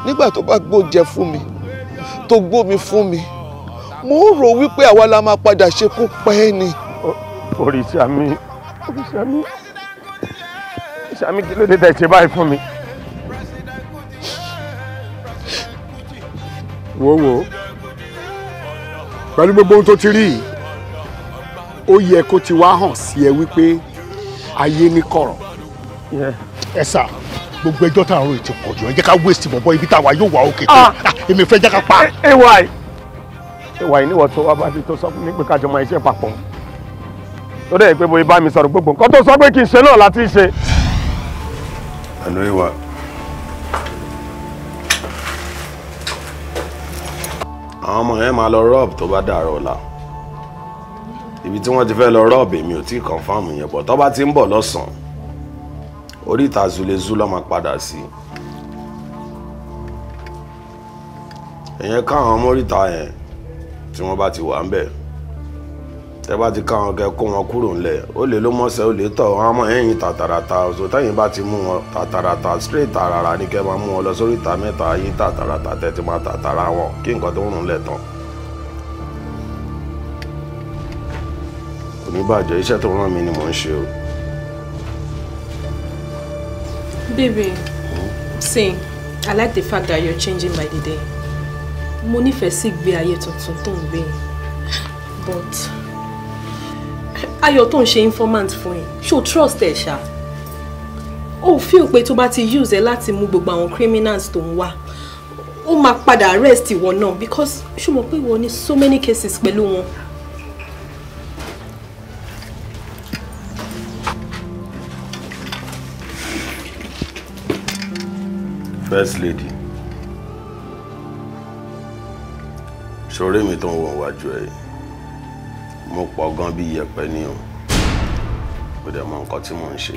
nígbà tó bá gbóúnjẹ fún mi tó gbómi fún mi mo ń rò wípé àwa la máa padà ṣekú pa ẹ́ ni. òrìṣà mi òrìṣà mi òrìṣà mi kí ló dé tẹ̀ báyìí fún mi. wò wò pẹ̀lú gbogbo ohun tó ti rí ó yẹ kó ti wá hàn sí ẹ wípé ayé ní kọ̀rọ̀ ẹ sà. Yeah gbogbo ẹjọ́ tá à ń ro ètò pọ̀jù ẹ jẹ́ ká waste bọ̀bọ̀ ibi táwa yóò wà òkè tó ah. Ah, èmi fẹ́ jẹ́ ká pa. ẹ wà ẹ wà ní ìwọ̀n tó wá bá ti tó sọ fún mi pé kájọ máa iṣẹ́ papọ̀ tó dẹ̀ pé bóyá bá mi sọ̀rọ̀ gbogbo nǹkan tó sọ pé kì í ṣe náà láti ṣe. àná ìwà. àwọn ọmọ yẹn máa lọ rọ́ọ̀bù tó bá dàrọ̀ ọ̀la ibi tí wọ́n ti fẹ́ lọ rọ́ọ̀bù èmi ò tí ì kọ̀ǹfàmù yẹn bọ̀ tó bá ti ń bọ̀ lọ́sàn-án oríta zulezu ló máa padà sí èyàn káwọn ọmọ oríta yẹn tí wọ́n bá ti wà ń bẹ̀ tẹ bá ti káwọn kẹ kó wọn kúrò ńlẹ̀ ó lè ló mọ́sẹ̀ ó lè tọ̀ wọ́n á mọ ẹ̀yìn tàtàràtà ọ̀sọ̀ tẹ̀yìn bá ti mú wọn tàtàràtà straight tààràrà ní kẹ́ máa mú wọn lọ sórí ìta mẹ́ta ayé tàtàràtà tẹ́tí máa tàtàrà wọn kí nǹkan tó ń rùn lẹ̀ tán. oníbàjẹ́ iṣẹ́ tó rán mi ni mò ń ṣe o. Baby, see, I like the fact that you're changing by the day. Money nífẹ̀ẹ́ sí ìgbé ayé tuntun tó ń gbé. But I your tone she informant for him. ṣó trust ẹ̀ ṣá. Ó fi òpè tó bá ti use ẹ láti move gbogbo àwọn criminals to wa. Oh, Ó máa padà arrest ìwọ náà because ṣùgbọ́n pé ìwọ ní so many cases below. first lady ṣoré mi tó ń wọ̀ wájú ẹ̀ mo pọ̀ gan bí yẹ̀pẹ̀ ni o mo dẹ̀ mọ nǹkan tí mò ń ṣe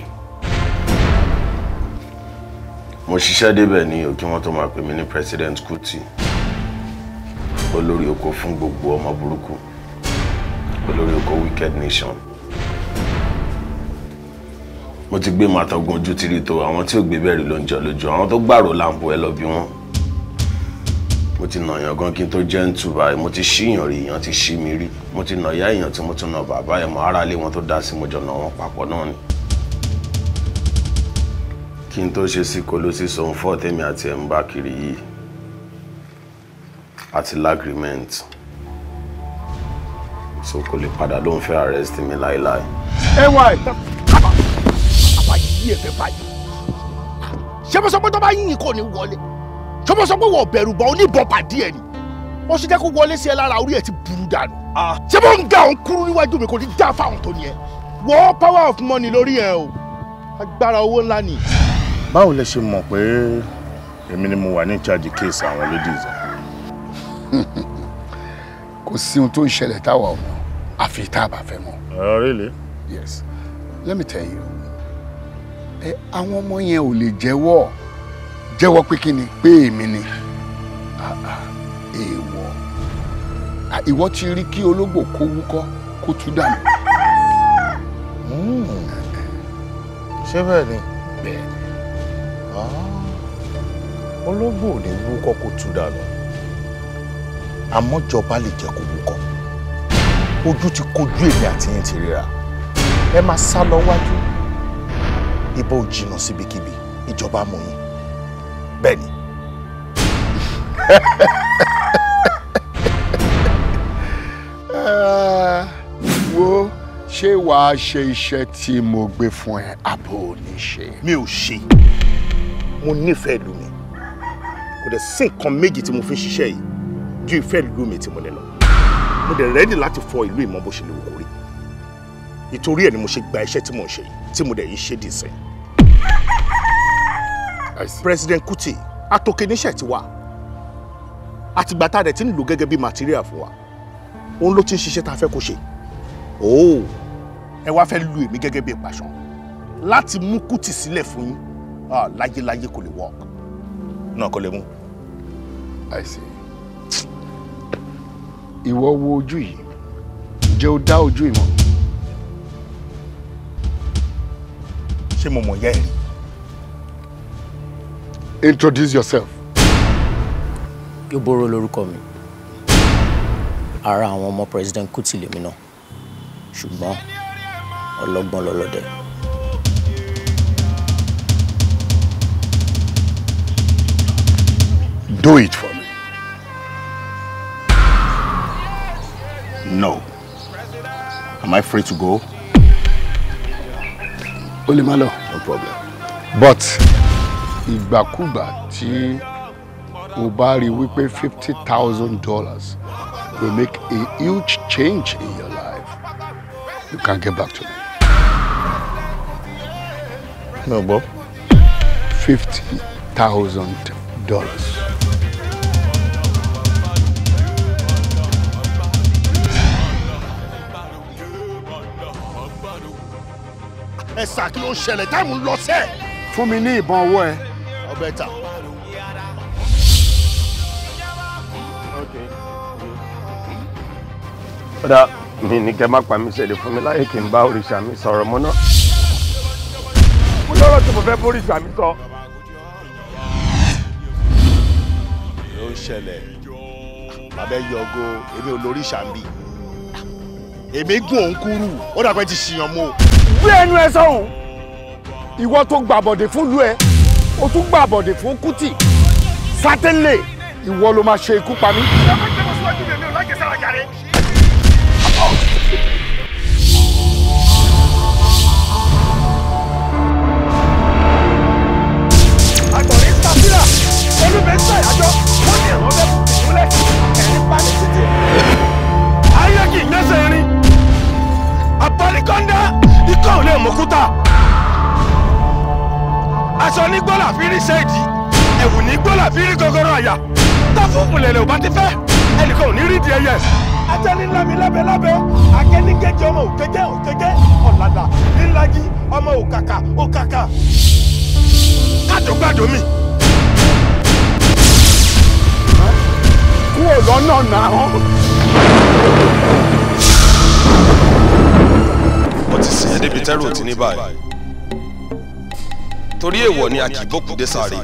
mo ṣiṣẹ́ débẹ̀ ni o kí wọ́n tó máa pè mí ní president Kuti olórí oko fún gbogbo ọmọ burúkú olórí oko wicked nation mo ti gbé màtọ́gun ojú tìrì tó àwọn tí ò gbé bẹ́ẹ̀ rí ló ń jẹ lójú àwọn tó gbàrò láǹpù ẹ lọ bí wọ́n mo ti nà yàn gan kí n tó jẹ́ ń tùbà mo ti ṣí yàn rí yàn ti ṣí mi rí mo ti nà ya èèyàn tí mo tún nà bàbá ẹ̀ mọ́ ara lé wọn tó dá sí mo jọ nà wọn papọ̀ náà ni kí n tó ṣe sí kolosi sọ̀hún fọ́ tèmi àti ẹ̀ ń bá kiri yìí àti lágrímẹ́ǹtì so kò lè padà ló fẹ́ arrest mi láéláé. ay yí ẹ̀fẹ̀ báyìí ṣé mo sọ pé tó bá yín kò ní wọlé ṣé mo sọ pé wọ́n bẹ̀rù bọ́ oníbọn pàdé ẹ̀ ni wọ́n ṣe jẹ́ kó wọlé sí ẹ lára orí ẹ̀ ti burú dànù ah. ṣé mo ń ga òun kúrú níwájú mi kò ní dá fáwọn tó ní ẹ wọ́ power of money lórí ẹ o agbára owó ńlá ni. báwo lẹ ṣe mọ̀ pé èmi ni mo wà ní charge case àwọn ladies. [laughs] kò sí ohun tó ń ṣẹlẹ̀ táwa ọ̀nà àfi tá a bá fẹ́ mọ̀. Uh, really? yes let me tell you ẹ àwọn ọmọ yẹn ò lè jẹ́wọ́ jẹ́wọ́ pé kí ni pé èmi ni èèwọ̀ ìwọ ti rí kí ológbò kó wúkọ́ kó tú dànù. Hmm. ṣé bẹ́ẹ̀ ni bẹ́ẹ̀ ni ológbò ò lè wúkọ́ kó tú dànù àmọ́jọba lè jẹ́ kó wúkọ́ ojú ti kojú èmi àti yín ti ríra ẹ máa sá lọ wájú ibo ò jìnnà síbikíbi ìjọba mú yín bẹ́ẹ̀ ni. [laughs] wo ṣé wàá ṣe iṣẹ́ tí mo gbé fún ẹ àbò ní ṣe. mi ò ṣe mo nífẹ̀ẹ́ ìlú mi kò dẹ̀ sí nǹkan méjì tí mo fi ṣiṣẹ́ yìí ju ìfẹ́ ìlú mi tí mo lè lọ mo dẹ̀ rẹ́ẹ̀dì láti fọ ìlú ìmọ̀ bó ṣe lè wò kórè ìtorí ẹ̀ ni mo ṣe gba iṣẹ́ tí mo ń ṣe tí mo dẹ̀ yìí ṣe dìsẹ́. President Kuti atoke níṣẹ́ ti wà àtìgbà tá a dẹ̀ ti ń lò gẹ́gẹ́ bí material fún wa òun ló ti ń ṣiṣẹ́ tá a fẹ́ kó ṣe ooo oh, ẹ wá fẹ́ lu èmi gẹ́gẹ́ bí ìpàṣán láti mú Kuti sílẹ̀ fún yín láyéláyé kò lè work náà kò lè mú. I see. ìwọ wo ojú yìí jẹ́ o dá ojú ìmọ̀. ṣé mo mọ̀ yẹ́ ẹ̀. introduce yourself. Yóbóró lórúkọ mi ara àwọn ọmọ president Kuti lèmi náà ṣùgbọ́n ọlọ́gbọ́n lọ́lọ́dẹ. Do it for me. No. Am I free to go? o lè má lọ. no problem but ìgbàkúgbà tí o bá rí wípé fifty thousand dollars will make a huge change in your life you can get back to me. No, ò fifty thousand dollars. ẹ sà kí ló ṣẹlẹ̀ táìmù ń lọ sẹ́ẹ̀. fún mi ní ìbọn ọwọ́ ẹ. ọbẹ̀ ta. kódà mi ní kẹ́ má pa mí ṣẹlẹ̀ fún mi láyé kí n bá òrìṣà mi sọ̀rọ̀ mọ́ náà. mo lọ́rọ̀ tí mo fẹ́ bóríṣà mi sọ. ló ń ṣẹlẹ̀ bàbá yọgo èmi ò lóríṣà èmi gùn òun kúrú ó dàgbẹ́ ti ṣìyàn mọ́ o gbé ẹnu ẹ sọ̀hún ìwọ tó gbàbọ̀dẹ̀ fún lu ẹ o tún gbàbọ̀dẹ̀ fún Kútì sátẹ́lẹ̀ ìwọ ló máa ṣe ikú pa mí. àtọ̀rí tàbílà olùbẹ̀ ń ikọ́ ò lè mọ̀kúta aṣọ ní gbọ́là fi rí ṣẹ́ẹ̀dì ẹ̀wù ní gbọ́là fi rí gọ́gọ́rọ́ àyà táfúùfù lẹ̀lẹ̀ ò bá ti fẹ́ ẹnìkan ò ní rí di ẹyẹ. ajá ní lámi lábẹ́ lábẹ́ akẹ́nigẹ́jẹ́ ọmọ òkẹ́jẹ́ òkẹ́jẹ́ ọ̀làlà ńlájí ọmọ òkàkà òkàkà kájọgbádùn mi. kúrò lọ́nà náà mo ti sìn ẹ́ débi tẹ́rù ti ní báyìí torí èèwọ̀ ni a kì í gbókùdé sáré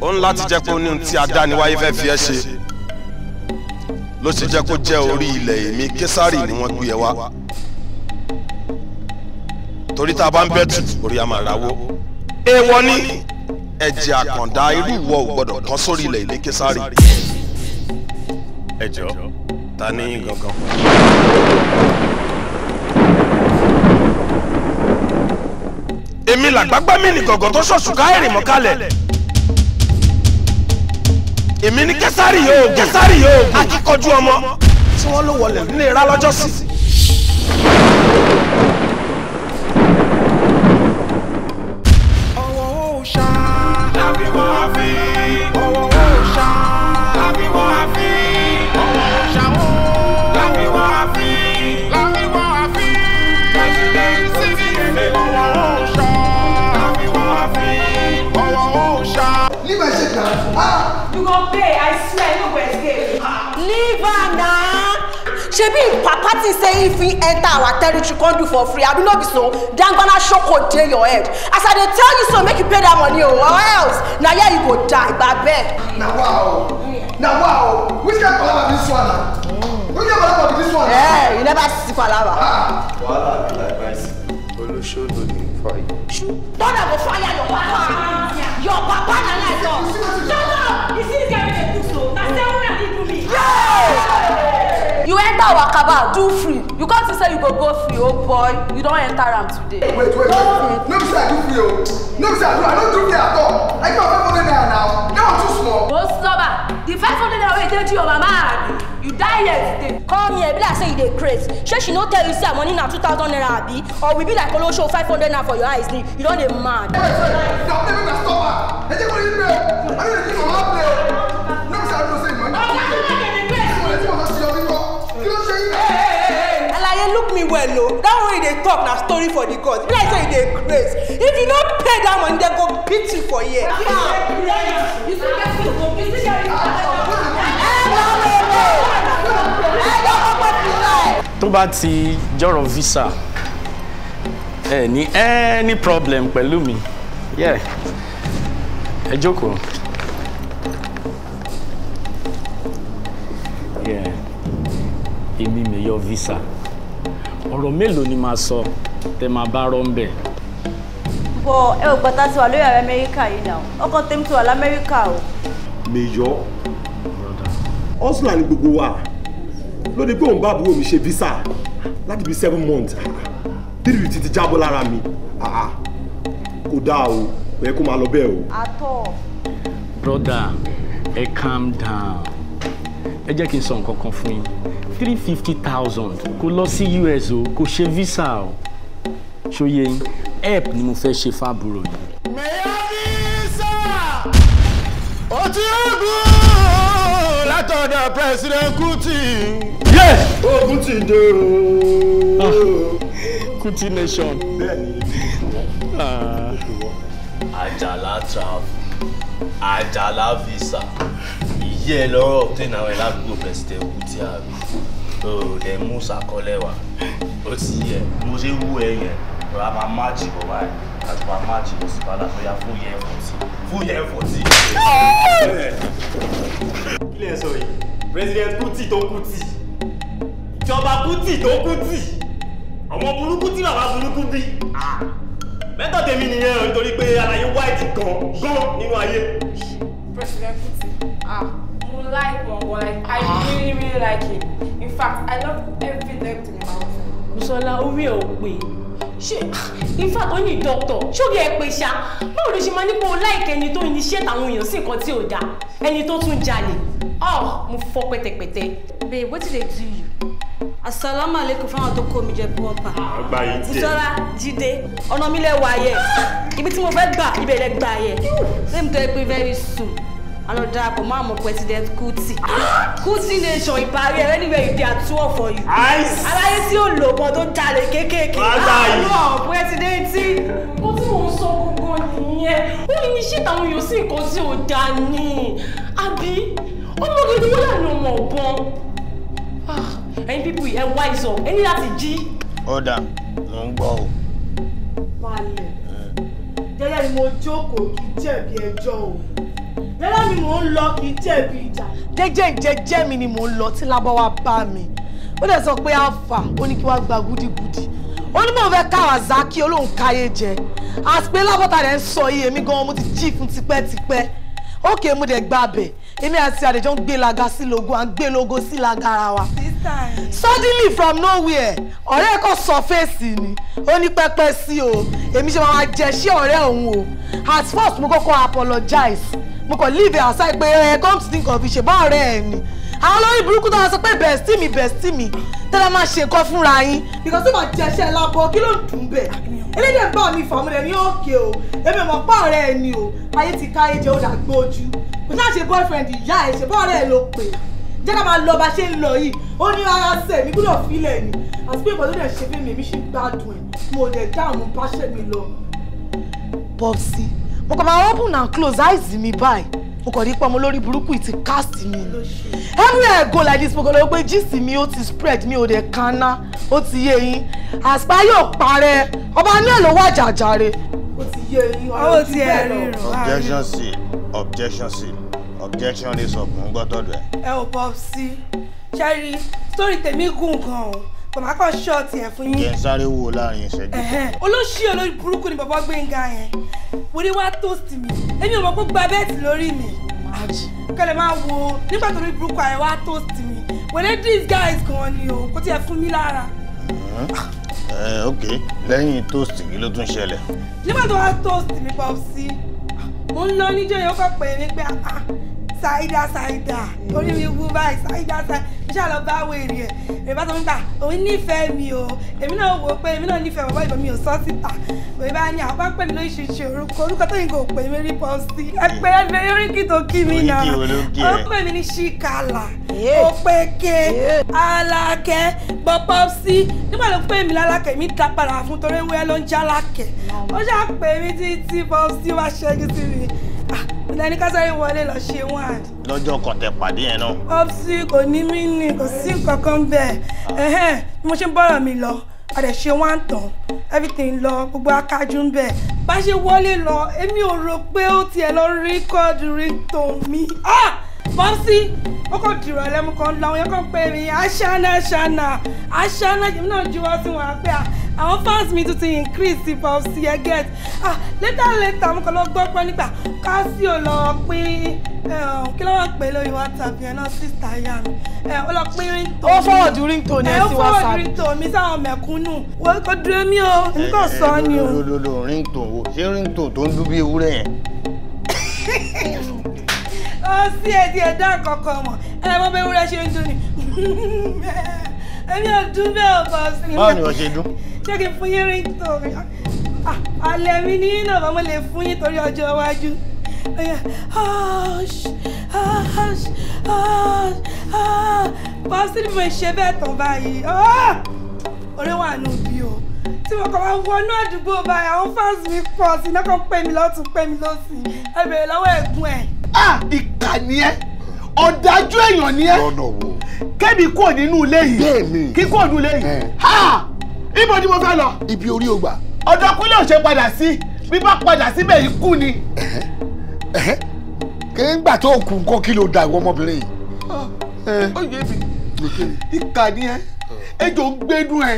ó ń láti jẹ́ pé ní ohun adániwáyé fẹ́ fi ẹ́ ṣe ló ṣe jẹ́ kó jẹ́ orí ilẹ̀ èmi késàrì ni wọ́n gbé ẹ wá torí tá a bá ń bẹ́tù orí a máa ráwó èèwọ̀ ni ẹ̀jẹ̀ àkàndá irú ìwọ ò gbọ́dọ̀ kán sórí ilẹ̀ èmi késàrì. ẹ jọ̀ọ́ ta ní gangan. èmi làgbágbá mi ní gọ̀gọ̀ tó ṣọ̀ṣùká ẹ̀rìn mọ́ kalẹ̀ èmi ní kẹsàrì yóò kẹsàrì yóò akíkanjú ọmọ tí wọ́n ló wọlé nílé ra lọ́jọ́sí. Maybe papa think say if we enter our territory come do for free I abi not be so gonna dangana soko tear your head as i dey tell you so make you pay that money or else Now here you go die gbabeg. na wa o na wa which kind palava be this one na which kind palava be this one na. Hey, eh, you never see palava. Ah. wahala be like rice olóṣèlú ni fire. ṣùgbọ́n na fire your palava. enter wakaba do free you come see say you go go free oh boy you don't enter am today. wait wait wait no be say i do free o oh. no be say i do i no do free at all i give am five hundred naira now that one too small. go sober the five hundred naira wey dey you, your mama you die yesterday. come here be like say you dey craze shey she no tell you say money now two thousand naira abi or we be like olosho five hundred naira for your eyes you don't dey mad. wait wait na only make i stop am i take money pay o i no dey give mama play oh. look me well o that one you dey talk na story for the gods be like say you dey craze if you no pay that money dem go beat you for here. tó bá ti jọ̀rọ̀ visa ẹ ní any problem pẹ̀lú mi yeah ẹ jókòó. Yeah. Èmi me your visa ọ̀rọ̀ mélòó ni màá sọ tẹ máa bá rọ́ ń bẹ̀. bọ ẹ ò gbọ́ta ti wà lórí ààrẹ amẹ́ríkà yìí náà ọkọ tèmi ti wà lamẹ́ríkà o. mèyọ ọ̀sùn àní gbogbo wa lóde pé òun bá àbúrò mi ṣe visa láti bíi seven months three fifty ti jábọ́ lára mi kò dáa o kò kó máa lọ bẹ́ẹ̀ o. àtọ̀. broda ẹ calm down ẹ jẹ́ kí n sọ nǹkan kan fún yín three fifty thousand kó lọ sí US o kó ṣe visa o ṣòye help ni mo fẹ́ ṣe fábùrò yìí. miami sá o ti ogun látọ̀dọ̀ president Kuti. yes ogun ti dé o. Ah, Kuti nation. Ah. Àjàlá travel Àjàlá visa díẹ̀ lọ́rọ̀ obtain àwọn ìlàdúgbò pẹ̀sìtẹ̀ òkú tí a rí o dẹ̀ mú sàkọlẹ̀ wa ó ti yẹ mo ṣe wú ẹ yẹn rọ máàjì bọ̀ báyìí àti máa máàjì bọ̀ sí padà sọ́yà fún yẹn fọ̀tì fún yẹn fọ̀tì. kí lè sọ yìí president Kuti tó Kuti ìjọba Kuti tó Kuti ọmọ burúkú tí bàbá burúkú bí mẹ́tọ̀ tèmi nìyẹn nítorí pé àlàyé white gan gan nínú ayé. president Kuti ah like Bongo. Like, I ah. really, really like him. In fact, I love every depth in my Busola, orí ẹ̀ ò pé. Ṣé in fact ó ní dọ́kítọ̀? Ṣé orí ẹ̀ pé ṣá? Báwo ló ṣe máa ní kó o láìka ẹni tó ní ṣé táwọn èèyàn sí nǹkan tí ò dáa? Ẹni tó tún jalè. Oh, mo fọ́ pẹ́tẹpẹ́tẹ. Babe, what did they do you? Assalamu alaikum fáwọn tó kó mi jẹ pọ́pà. Ọgbà yìí dé. Busola Jídé, ọ̀nà mi lẹ wà yẹ. Ibi tí mo fẹ́ gbà, ibẹ̀ lẹ gbà yẹ. Same to ẹ very soon a lọ darapọ̀ mọ́ àwọn president Kuti Kuti nation ìparí ẹ̀ anywhere if they are too old for you. aláyé tí yóò lò bọ́ tó jalè kéékèèké àánú àwọn pírẹsidẹ́ntì. mo tún mò ń sọ gbogbo nìyẹn ó ní ní ṣé táwọn yóò sì kó sí ọjà ni àbí ọmọgidi wọ́n lànà ọmọ ọ̀bọ̀n ah, ẹ̀yin pípù ẹ̀ wá ìsọ̀ ẹ̀yin láti jí. ọ̀dà mò ń gbọ́ o. wàá Lẹ́lẹ́ ni mo jókòó kì í jẹ̀bi ẹjọ́ o. Lẹ́lẹ́ ni mò ń lọ kì í jẹ̀bi ìjà. Jẹ́jẹ́ ìjẹ́jẹ́ mi ni mò ń lọ tí lábọ́ wá bá mi. Ó dẹ̀ sọ pé àfà ó ní kí wá gba gúdígúdí. Ó ní mò ń fẹ́ Kawasaki olóhùn káyé jẹ. Àsìpé lábọ́tà rẹ̀ ń sọ iye mi gan-an mo ti jí fún tipẹ́tipẹ́. Ókè mo dẹ̀ gbàbẹ̀ èmi àti àdèjọ́ ń gbé laga sí logo à ń gbé logo sí laga ara wa. suddenly from nowhere ọ̀rẹ́ ẹ̀kọ́ sọ fèsì ni ó ní pẹ́pẹ́ sí o èmi ṣe máa jẹ sí ọ̀rẹ́ òun o at first mo kọ́kọ́ apologize mo kàn leave it aside pé ẹ eh, come to think of it ṣe bá ọ̀rẹ́ ẹ̀ ni àwọn olórí burúkú tó wá sọ pé bẹ̀ẹ́sì mi bẹ̀ẹ́sì mi tẹ́lẹ̀ máa ṣe nǹkan fúnra yín. bìkan sí mo jẹṣẹ́ lábọ́ kí ló ń dùn bẹ́ẹ̀ elédè bá mi fàmúlẹ̀ ní òkè o èmi mọ̀ pọ̀ ọ̀rẹ́ ẹ̀ ni o ayé ti káyé jẹ́ ó dàgbójú kò sáà ṣe boyfriend ìyá ẹ̀ ṣe bọ́ọ̀rẹ́ ẹ̀ ló pè jẹ́ ká máa lọ bá ṣe ń lọ yìí ó ní ara sẹ̀ mi gbọ́dọ̀ filẹ̀ ni àti pé ìbọ̀dọ̀ ṣe fún mi èmi ṣe gbádùn ẹ̀ mo dẹ̀ dáàmú báṣẹ́ mi lọ. Popsi mo kàn máa open and close eyes mi báyìí mo kàn rí pé ọmọ lórí burúkú yìí ti cast mi everywhere I go like this mo kàn lọ pé gist mi ó ti spread mi ò dẹ̀ kanna ó ti yé yín àṣpá yóò parẹ́ ọba ní ẹ̀ ló wà jàjàre. ó ti yé yín ọ̀rọ̀ ti bẹ́ẹ̀ lọ objection sí objection ní sọkùn gbọ́tọ̀dọ̀ ẹ̀. ẹ ò bọ́ sí ṣẹ́rí sórí tèmi gùn gan-an bàbá kan ṣọ́ọ̀tì ẹ̀ fún yín. jẹ́ sáré wo láàrin ìṣẹ́jú. olóṣì olórí burúkú ni bàbá gbẹ̀ngà yẹn mo ní wá toast mi èmi ò mọ̀ pé gba bẹ́ẹ̀tì lórí mi. kẹlẹ̀ máa wo nígbà tó ní burúkú ayẹ wá toast mi mo ní these guys gan ni o kò tiẹ̀ fún mi lára. Mm-hmm. Eh, ok lẹ́yìn toast yìí ló tún ṣẹlẹ̀. nígbà tó wá toast mi pọ̀ sí mo ń lọ níjọ́ yẹn ó kọ́ pè mí pé ah, ah ṣáídá ṣáídá orí mi wú báyìí ṣáídá ṣáídá mo ṣáà lọ bá wèrè ẹ̀ èmi bá sọ fún mi gbà òun nífẹ̀ẹ́ mi o èmi náà wò ó pé èmi náà nífẹ̀ẹ́ bàbá ìbọn mi ò sọ síta èmi bá ní àwọn pẹ̀lú lóríṣiríṣi orúkọ orúkọ tó yìí kò pè mí rí pọ́sí ẹgbẹ́ ẹgbẹ́ oríkì tó kí mi náà ó pè mí ní ṣìkàlà ó pé ké alákẹ́ pọ́pọ́sí nígbà tó pè mí lálákẹ́ mi ta padà fún torí wúyẹ́ ló ń jálákẹ́ ó ṣàpè mí títí pọ́sí wá ṣẹ́jú sí mi ìdání ah, kásáré wọlé lọ ṣe wand. lọ́jọ́ kọ̀tẹ̀ pàdé yẹn náà. ọ́fíìsì kò ní mí nì kò sí nǹkan bẹ́ẹ̀ bí mo ṣe ń bọ̀rọ̀ mi lọ a ṣe wá ń everything lọ gbogbo akájú ń bẹ̀ bá ṣe wọlé lọ èmi ò rò pé ó tiẹ̀ lọ rí kọ́ọ̀dù rí tàn mí. bọ́sí ó kò dìrọ̀ ẹlẹ́mu kan lọ àwọn yẹn kàn pé mi aṣáná aṣáná aṣáná jẹ́mi náà juwọ́ sí wọn pé ah, àwọn fans mi tún ti increase sí popsi ẹ get ah later later mo kàn lọ gbọ́ pé nípa Casio lọ pín eh, kí ló wà pé lórí WhatsApp yẹn náà sísá ya mi eh, ó lọ pín ringtone ó fọwọ́dù ringtone ẹ eh, sí WhatsApp ẹ ó fọwọ́dù ringtone mi sáwọn mẹ̀kúnnù wọ́n kò dúró mi o nǹkan sọ ni o. lolo ringtone wo ṣé ringtone tó ń dún bí ewúrẹ́ yẹn. [laughs] ó sí ẹ̀dí ẹ̀dá kankan mọ̀ ẹ̀ mọ́ bẹ́ẹ̀ wúrẹ́ ṣe ń dún ni. [laughs] èmi ò dún bẹ́ẹ̀ ọba sí. báwo ni wọ́n ṣe dún. ṣé kí n fún yín rí nítorí ah, ah, alẹ́ mi ní náà bá mo lè fún yín torí ọjọ́ iwájú. pásítì mo ṣe bẹ́ẹ̀ tán báyìí ah! orí wà nù bí o tí mo kàn máa wọnú àdúgbò báyìí àwọn fans mi pọ̀ sí iná kan pè mí lọ́tún pè mí lọ́sìn ẹ bèrè lọ́wọ́ ẹ̀gbọ́n ẹ̀. ìkà ni ẹ́ ọ̀dájú èèyàn ni ẹ́ kẹ́mi kúrò nínú ilé yìí kí kúrò nínú ilé yìí ha ibo ni mo fẹ́ lọ. ibi orí ògbà. ọ̀dọ̀ kúnlẹ̀ ò ṣe padà sí bí bá padà síbẹ̀ yìí kú ni. kí n gbà tó kù nǹkan kí ló da ìwọ ọmọbìnrin yìí. Ah. ó yé mi ìkà ni ẹ́ ejò ń gbénu ẹ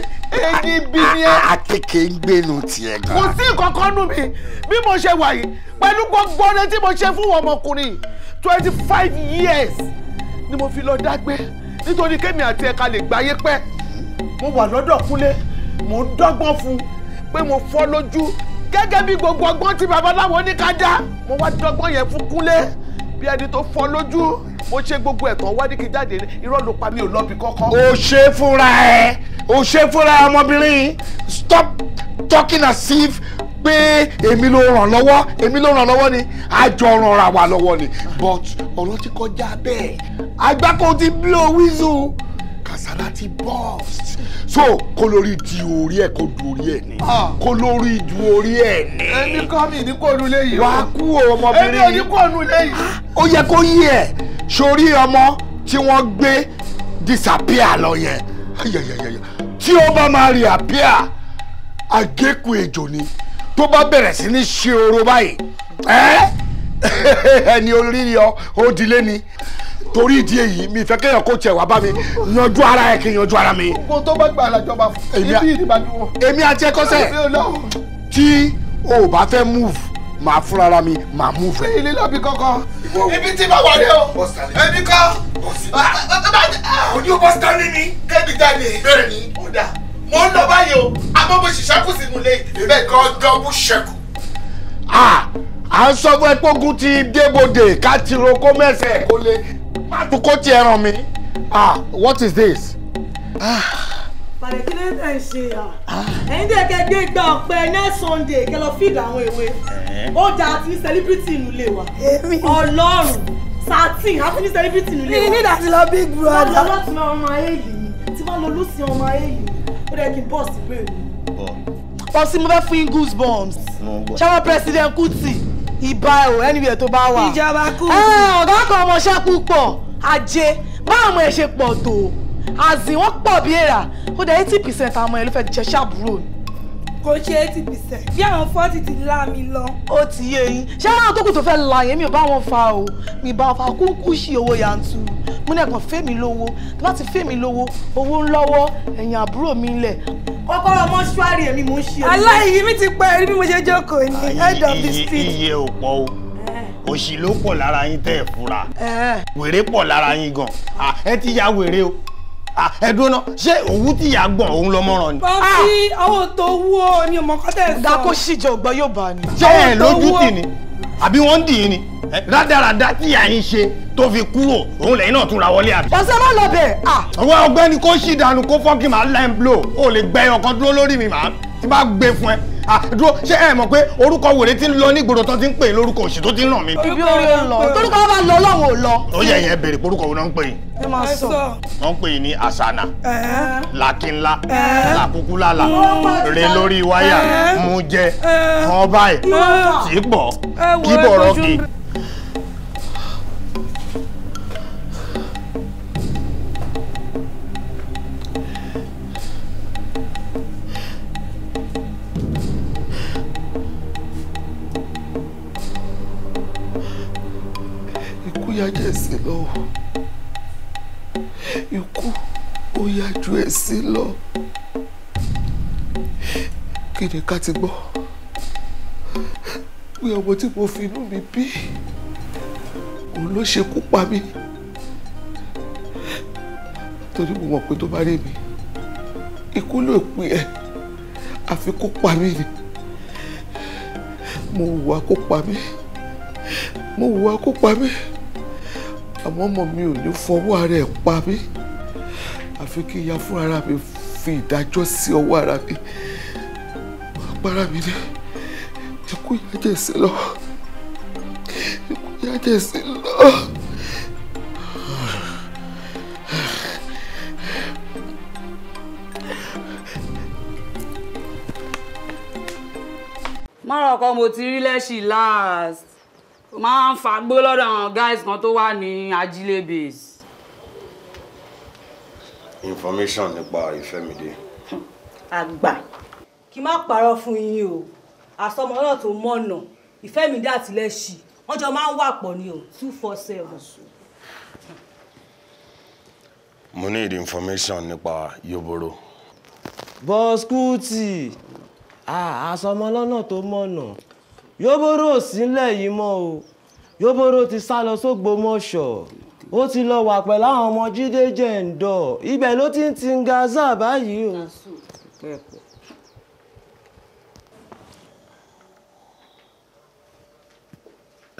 ẹni bí ni ẹ. akeke ń gbénu tiẹ̀ gan. kò sí ìkọ̀kọ́ nù mí bí mo ṣe wà yìí pẹ̀lú gbogbo ọdẹ tí mo ṣe fún ọmọkùnrin twenty five years ni mo fi lọ dágbé nítorí kémi àti ẹ̀ka lè gbáyé pẹ́ mo wà lọ́dọ̀ Kúnlé mo ń dọ́gbọ́n fún pé mo fọ́ lójú gẹ́gẹ́ bí gbogbo ọgbọ́n tí babaláwo ní ká dá mo wá dọ́gbọ́n yẹn fún Kúnlé bí ẹni tó fọ́ lójú mo ṣe gbogbo ẹ̀tàn wá ní jáde irọ́ ló pa mi ò lọ́bi kọ́kọ́. o ṣe fúnra ẹ o ṣe fúnra ọmọbìnrin stop talking as if pé èmi ló ràn lọ́wọ́ èmi ló ràn lọ́wọ́ ni àjọ ràn ra wa lọ́wọ́ ni but ọ̀rọ̀ ti kọjá bẹ́ẹ̀ agbáko ti blow whistle kasala ti burst so kó lórí di orí ẹ kó du orí ẹ ni ah. kó lórí du orí ẹ ni. èmi kọ́ mi ní kò nu léyìí. wàá kú o ọmọbìnrin. èmi ò ní kò nu léyìí. Ah, ó yẹ kó yí ẹ sórí ọmọ tí wọ́n gbé disappear lọ yẹn tí ó bá máa reappear àgékù ejò ni tó bá bẹ̀rẹ̀ sí ní ṣe oró báyìí [laughs] ẹni orí yọ ó dilé ni torí ìdí èyí mi ìfẹ́ kéèyàn kó tiẹ̀ wá bá mi yanjú ara ẹ̀ kí n yanjú ara mi. kò tó bá gbà alájọba ibi ìdìbò àdúgbò. èmi àti ẹkọsẹ tí o ò bá fẹ́ move màá fúnra ra mi màá move ẹ. ilé lọ́bì kankan ibi tí bàbá rẹ o ẹbí kọ́ ojú bọ́ sítánì ni kẹ́bi jáde bẹ́ẹ̀ ni ó dà mo ń lọ báyìí o àmọ́ mo ṣì ṣẹ́kù sínú ilé ìbẹ̀ gan-an gan ṣẹ́kù. Ah, à ń sọ fún ẹ pógun ti débòde ká ti ro kó mẹ́sẹ̀ kó lè pàtó kó ti ẹran mi ah what is this. pàdé ah. kí ló ń tẹ̀ ṣe Ah. ẹ̀yin dẹ̀ kẹ́ gbé gba ọ̀pẹ next sunday kẹ́ lọ feed àwọn èwe ó jà àti ní celebrity inú ilé wa ọlọ́run satin àti ní celebrity inú ilé wa. nígbà tí lọ big brother. wọ́n lọ́ọ́ ti máa ọmọ ayé yìí tí wọ́n lọ lùsìn ọmọ ayé yìí ó dẹ̀ kí n bọ́ọ̀sì gbé mi. bọ́ọ̀sì mo fẹ́ fún yín goosebumps ṣáwọn president Kuti ìbá ò anywhere tó bá wà. ìjọba kù. ọ̀gá kan ọmọọṣẹ́ púpọ̀ ajé báwọn ọmọ ẹ̀ ṣe pọ̀ tó àzìn wọ́n pọ̀ bí èrà ó dẹ̀ eighty percent àwọn ọmọ ẹ̀ ló fẹ́ jẹ́ ṣàbúrò ni kò ṣe eighty percent bí àwọn forty ti la mi lọ. ó ti yé yín ṣé àwọn tó kù tó fẹ́ la yẹn mi ò bá wọn fa o mi bá wọn fa kúkú sí owó yanturu mo ní ẹ̀kan fẹ́mi lówó tó bá ti fẹ́mi lówó owó ń lọ́wọ́ ẹ̀yìn àbúrò mi lẹ̀. kọ́kọ́rọ́ mọ́ṣúárì èmi mò ń ṣe. aláìyí mi ti pa ẹ̀rí bí mo ṣe jókòó ní head of the street. iye ò pọ̀ o eh. òṣì ló pọ̀ lára yín tẹ́ ẹ̀ fura eh. wèrè pọ̀ lára yín gan ah, ẹ ti ya wèrè o Ah, ẹ̀dùn náà ṣé òwú tí ìyá gbọ̀n òun lọ mọ́ràn ni. bọ́sí ah! owó tó wú ọ ni ọmọkọ́tẹ̀ sọ. ọ̀gá kó ṣìjọ ọgbọ́n yóò bá a ni. ṣé ẹ lójú tì ni àbí wọ́n ń dì í ni rádaràda tí à ń ṣe tó fi kúrò òun lẹ́yìn náà tún ra wọlé àbí. ọ̀sẹ̀ má lọ bẹ̀. àwọn ọ̀gbẹ́ni kò ṣì dànù kó fọ́nkì máa lẹ́ń blow ó lè gbẹ́ ọkàn dúró lórí mi màá ti bá gbé fún ẹ dúró ṣé ẹ mọ̀ pé orúkọ wèrè ti ń lọ nígboro tó ti ń pè é lórúkọ òṣì tó ti ń ràn mí. ibi orí ń lọ torúkọ bá lọ Ọlọ́run ò lọ. ó yẹ ìyẹn bèrè porúkọ wo náà ń pè yín. ẹ máa sọ. wọ́n ń pè yín ní àṣànà làkínlá làkúkúlàlà rè lórí wáyà mú jẹ hàn báyìí tí pọ̀ kí bọ̀rọ̀ kì í. ẹ̀sìn lọ́wọ́ ikú ó yá ju ẹ̀sìn lọ kí ni ká ti gbọ́ pé ọmọ tí mo fi inú mi bí òun ló ṣekú pa mí torí mo mọ̀ pé tó bá rí mi ikú ló pin ẹ̀ àfi kó pa mí ni mo wùwà kó pa mí mo wùwà kó pa mí àmọ́ ọmọ mi ò ní fọwọ́ ara ẹ̀ pa mí àfi kí ìyá fún ara mi fi ìdájọ́ sí ọwọ́ ara mi agbára mi ni ikú ìyá jẹ̀sí lọ ikú ìyá jẹ̀sí lọ. márùn ọkọ mo ti rí lẹ́sìn last máa ń fagbó lọ́dọ̀ àwọn guys kan tó wà ní ajílé base. information nípa ìfẹ́mìdé. àgbà kí n má parọ́ fún yín o àsọmọ náà tó mọ̀nà ìfẹ́mìdé àtìlẹ́sì wọ́n jọ máa ń wà pọ̀ ni o two four seven. mo need information nípa yoboro. bọ́sikúùtì ah, àsọmọ lọ́nà tó mọ̀nà yóbóró ò sílẹ̀ yìí mọ́ o yóbóró ti sá lọ sógbómọ̀ṣọ́ ó ti lọ wà pẹ̀lú àwọn ọmọ jíde jẹ̀ǹdọ̀ ibẹ̀ ló ti ń ti ń gaza báyìí o.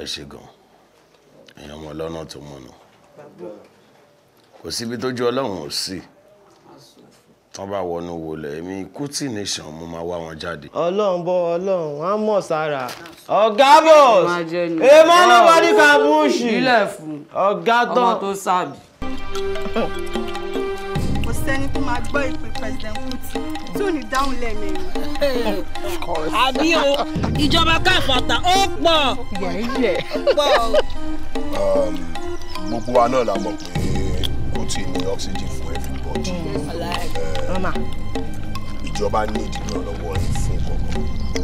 ẹ ṣe gan èèyàn ọmọ ọlọ́nà tó mọ̀nà kò síbi tójú ọlọ́run ò sí tán bá wọnú wọlé èmi Kuti nation mo máa wá wọn jáde. ọlọ́run bọ ọlọ́run wọn á sára ọ̀gá bọ̀ ẹ má nobody can push ilẹ̀ fún ọ̀gá tán ọmọ tó sàbí. kò sẹ́ni tó máa gbọ́ ìpè president Kuti tí ò ní dáhùn lẹ́ẹ̀mẹ́rin. àbí o ìjọba káfàtà ó pọ̀ pọ̀. Um, gbogbo wa náà la mọ̀ pé Kuti ni oxygen everybody. mama. ìjọba ní ìdílé ọlọ́wọ́ yìí fún kankan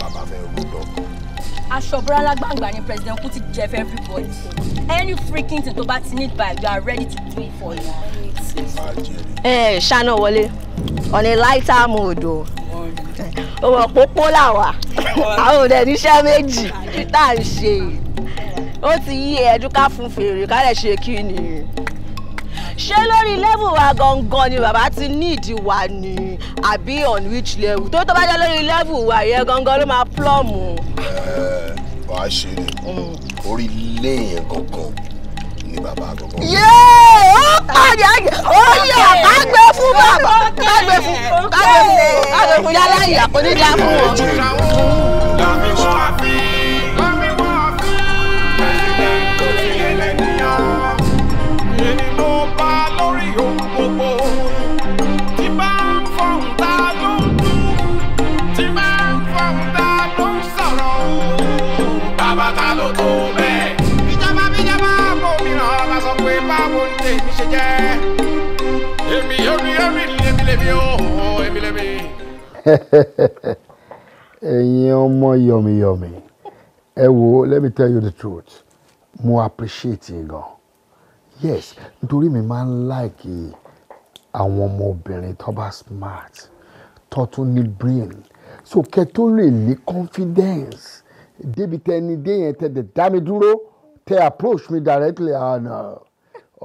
bàbá fẹ́ rú dọ́kọ̀. aṣọ burala gbangba ni president Kuti jẹ for everybody any freaking thing tó bá ti need by you are ready to do it for you. ẹ ṣáná wọlé on a lighter mood o òwò pópó làwà àwọn òde níṣẹ́ méjì tá à ń ṣe ó ti yí ẹ̀ẹ́dúkà fún fèrè ká lè ṣe kí ni ṣé lórí level wa gangan ni bàbá ti níìdí wa ni àbí on which level tó tó bá jẹ́ lórí level wa yẹn gangan ló máa plọ́ọ̀mù. ẹ wàá ṣe ni mm. orí ilé yẹn gangan ni bàbá gangan. yéé ó pàdé àgbẹ̀ ó yẹ kágbé fún bàbá kágbé fún kágbé fún kágbé fún yálà ìyàkó nídìí àfún wọn. ẹ̀yin ọmọ yọ̀mìyọ̀mì ẹ wo let me tell you the truth mo appreciate yín gan yes nítorí mi máa ń like àwọn ọmọbìnrin tó bá smart tó tún ní brain so kẹ́ tó lè ní confidence débi tẹ́ ẹni dé yẹn tẹ́ dẹ̀ dá mi dúró tẹ́ approach mi directly and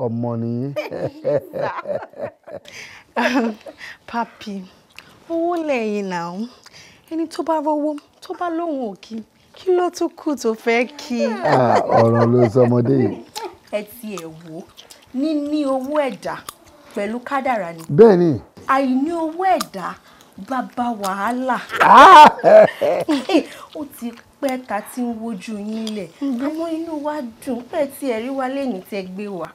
ọmọ nìyí. papi. [laughs] owó lẹ́yìn náà ẹni tó bá rówó tó bá lóun ò kí kí ló tún kù tó fẹ́ kí. ọ̀rọ̀ ló sọmọdé yìí. ẹ ti ẹ̀ wò níní owó ẹ̀dá pẹ̀lú kádàrá ni. bẹ́ẹ̀ ni. àìní owó ẹ̀dá bàbá wàhálà. ó ti pẹ́ ta tí ń wojú yín lẹ̀ àmọ́ inú wa dùn pẹ́ tí ẹ rí wa lẹ́yìn tẹ́ gbé wa.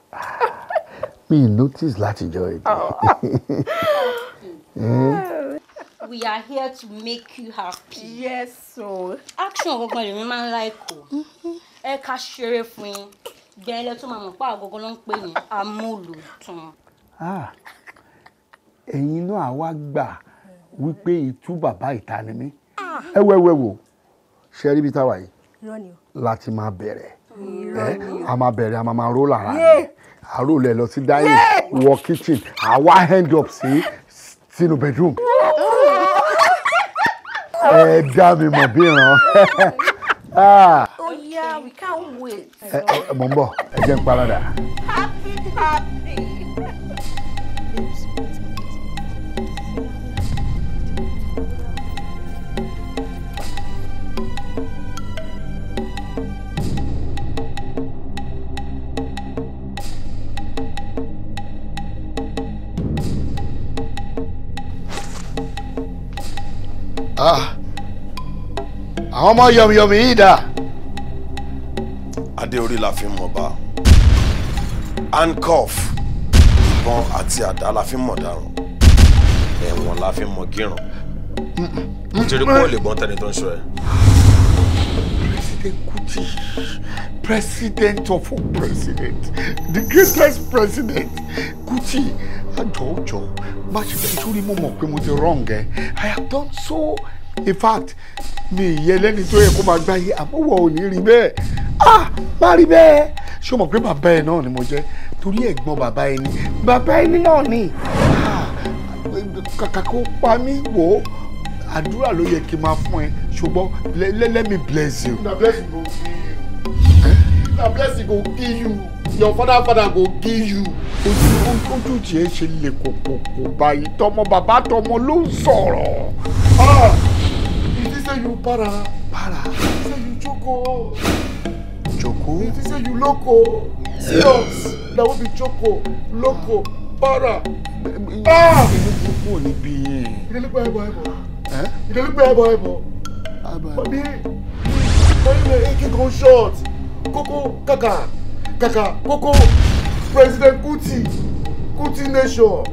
mi notice látijọ́ èdè. [laughs] we are here to make you happy. yes o. action gangan lèmi máa ń láìkò ẹ ká ṣeré fún yín gbẹ́n ilé tó máa mọ̀ pé àgọ́gọ́ ló ń pè ní amúlùtún. Ah, ẹ̀yin náà wá gbà wípé itú bàbá ìta ni mí ah. ẹ wẹ́wẹ́ wò ṣe rí bí táwa yìí láti máa bẹ̀rẹ̀ ẹ a máa bẹ̀rẹ̀ a máa máa ró lára rẹ̀ àrò lẹ̀ lọ sí dining wọ kitchen àwa hand up sí sínú bedroom ẹ [laughs] dá mi mọ̀ bí ràn án. [laughs] Ah. oh yeah we can't wait. mo again, bọ̀ happy happy. Ah, àwọn ọmọ yọmiyọmi yìí dà. adé orí la fi mọ̀ bá handcuff ìbọn àti àdá la fi mọ̀ dáràn ẹ̀wọ̀n la fi mọ̀ gíràn nítorí pé ó lè gbọ́n tẹ́ni tó ń ṣọ́ ẹ. Kuti, president of all president, the greatest president. Kuti, àjọ̀ọ́jọ́, má ṣe bẹ́ẹ̀ sórí mo mọ̀ pé wrong I have done so. In fact, me ìyẹn lẹ́ni tó yẹ kó máa gbáyé àmọ́wọ̀ ò ní rí bẹ́ẹ̀. Ah, má rí bẹ́ẹ̀. Ṣé o mọ̀ pé bàbá ẹ náà ni mo jẹ́? Torí ẹ̀gbọ́n bàbá ẹni. Bàbá ẹni náà ni. Ah, kàkà kó pa mí wò ó àdúrà ló yẹ kí n máa fún ẹ ṣùgbọ́n let me bless you. na blessing go kill you na blessing go kill you your father father go kill you. ojú ojú tiẹ̀ ṣe lè kòkòkò báyìí tọmọ bàbá tọmọ ló ń sọ̀rọ̀. ìdí ah! sẹ́yìn para para sẹ́yìn jókòó joko. It is say you loco. Serious. Na we be joko, loco, para. Ah! Ìlú gbogbo níbí yẹn. Ìdílé gbọ́ ẹ̀bọ̀ ẹ̀bọ̀. You dey look me eyeball eyeball. Abi Oyinle Eke go short. Coco, Kaka Kaka Coco. President Kuti Kuti Nation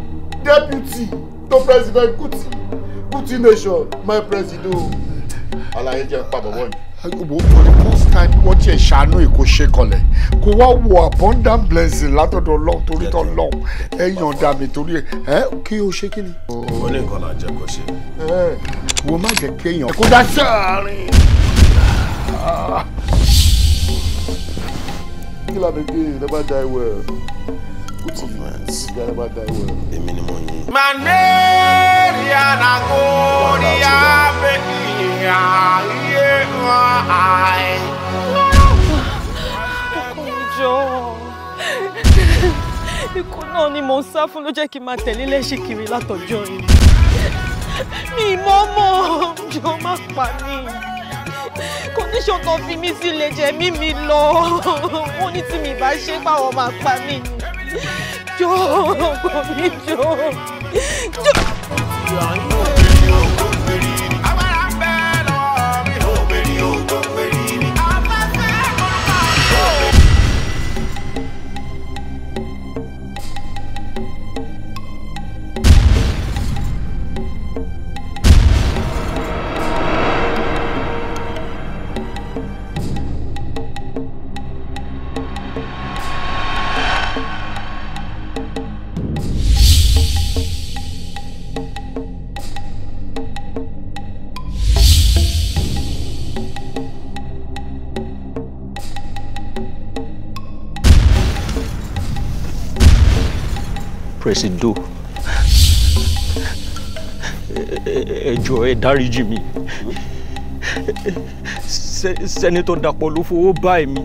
Deputy to President Kuti Kuti Nation my president. Alaye jẹ́ pa bọ̀bọ̀ wo for the first time wọ́n tiẹ̀ ṣàánú èkó ṣe kọlẹ̀ kó wá wo abundant blessing látọ̀dọ̀ ọlọ́run torí tọ́ lọ́run ẹ yànda mi torí ẹ kí o ṣe kí ni. ó ní nǹkan là ń jẹ kó ṣe. wo má jẹ kí èèyàn kó dá sáàárín. kí làbẹ̀ kí ìdẹ́gbàjà ìwẹ̀ movement èmi ni mo yìn. màmẹ́rìà nàgóríà bẹ́ẹ̀ ààyè wá àì. ọjọ́ ikú náà ni mo ń sá fún ló jẹ́ kí n máa tẹ̀lé lẹ́sìn kiri látọjọ́ yìí mi mọ́ mọ́ jọ má pa mí kọ́ndíṣọ̀n tó fi mí sílẹ̀ jẹ́ mímí lọ wọ́n ní tí mi bá ṣe báwọn máa pa mí ni. चोप चोप चोप presido ẹ jọ̀ọ́ ẹ dáríjì mi sẹ́nitọ̀ Dàpọ̀ ló fowó báyìí mi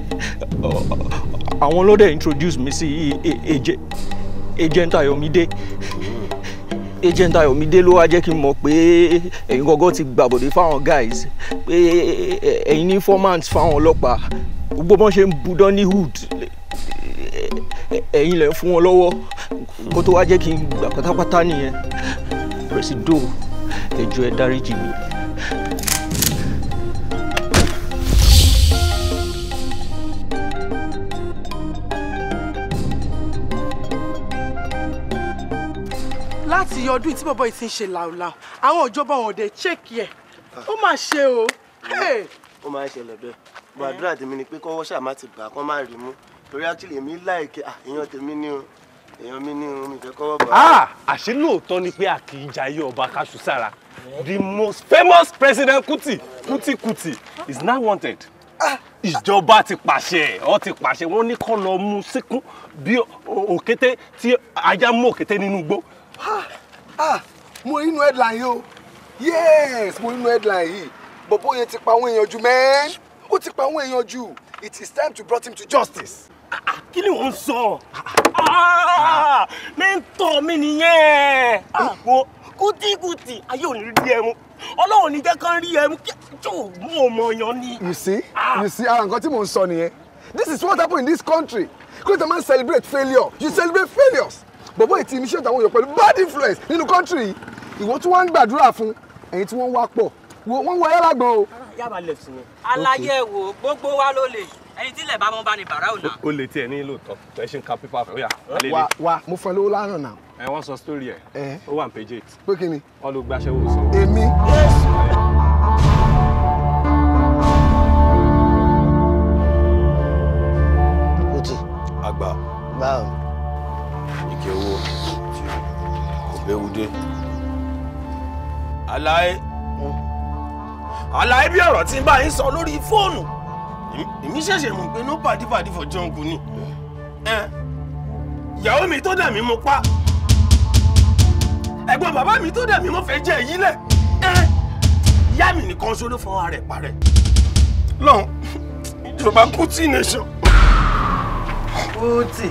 àwọn introduce me see agent Ayomide. agent Ayọ̀mídé ló wá jẹ́ kí n mọ̀ pé ẹ̀yin gọ́gọ́ ti gbàbọ̀dé fáwọn guys pé ẹ̀yin informants informant fáwọn ọlọ́pàá gbogbo bọ́n ṣe ń budán ní hood ẹ̀yin lẹ̀ ń fún wọn kó tó wá jẹ́ kí n gbà pátápátá nìyẹn pẹ̀sìdò ẹjọ́ ẹ dáríjì mi. láti ọdún tí bọ́bọ́ yìí ti ń ṣe làwùlàwù àwọn ìjọba wọn ọ̀dẹ̀ ṣèkì ẹ̀ ó mà ṣe o. ó máa ń ṣẹlẹ̀ bẹ́ẹ̀ bàdúrà tèmi ni pé kọ́wọ́ ṣàmá ti bà kọ́ má rí mú torí àtìlẹ́mí láìkẹ́ àìyàn tèmi ni o èèyàn mi ní irun mi fẹ́ kọ́wọ́ bá. Ah, àṣé lóòótọ́ ni pé a kì í jayé ọba kaṣu sára the most famous president Kuti Kuti Kuti is now wanted ah. ìjọba ti pàṣẹ ọ ti pàṣẹ wọn ní kó lọ mú síkún bí òkété tí ajá mú òkété nínú igbó. Ah, mo inú headline yìí o yes mo inú headline yìí bọ̀bọ̀ yẹn ti pa àwọn èèyàn jù mẹ́ẹ́n ó ti pa àwọn èèyàn jù it is time to brought him to justice kí ni wọ́n ń sọ ah, mi nìyẹn ah, wo kùtìkùtì ayé ò rí ẹmu ọlọ́run ní jẹ́ kán rí ẹmu tó mú ọmọ yan ni. you see you see ara ah, nǹkan tí mò ń sọ nìyẹn this is what happen in this country christian man celebrate failure you celebrate failures bọ̀bọ̀ ètí iṣẹ́ ìtàwọn èèyàn pẹ̀lú bad influence nínú country yìí ìwọ tí wọ́n ń gbàdúrà fún ẹ̀yin tí wọ́n wá pọ̀ wọ́n wọ ayálágbọ̀n o. yàrá left yẹn. alayẹ wo gbogbo wa ló lè ẹni tí ilẹ̀ bá mọ́ bá ní bàrá ò náà. o lè tiẹ̀ ní lóòótọ́ ẹ ṣe ń ka pépà fún yà. wa wa mo fẹ́ lówó lánàá náà. ẹ wọ́n sọ sítórí ẹ̀ ó wà ní page eight. pé kí ni. wọ́n ló gbàṣẹ́ wò sọ. èmi. kùtì. àgbà. báwo. ike owó kò béwu dé. àlàyé àlàyé bí ọ̀rọ̀ tí ń bá yín sọ lórí fóònù èmi ṣẹ̀ṣẹ̀ mọ̀ pé no party party for jọ̀ǹkù ni ìyàwó mi tó dà mí mo pa ẹ̀gbọ́n bàbá mi tó dà mí mo fẹ́ jẹ́ èyí lẹ̀ ìyá mi nìkan ṣoṣo fún ara rẹ̀ parẹ́ lọ́hùn ìjọba kútì nation. kútì.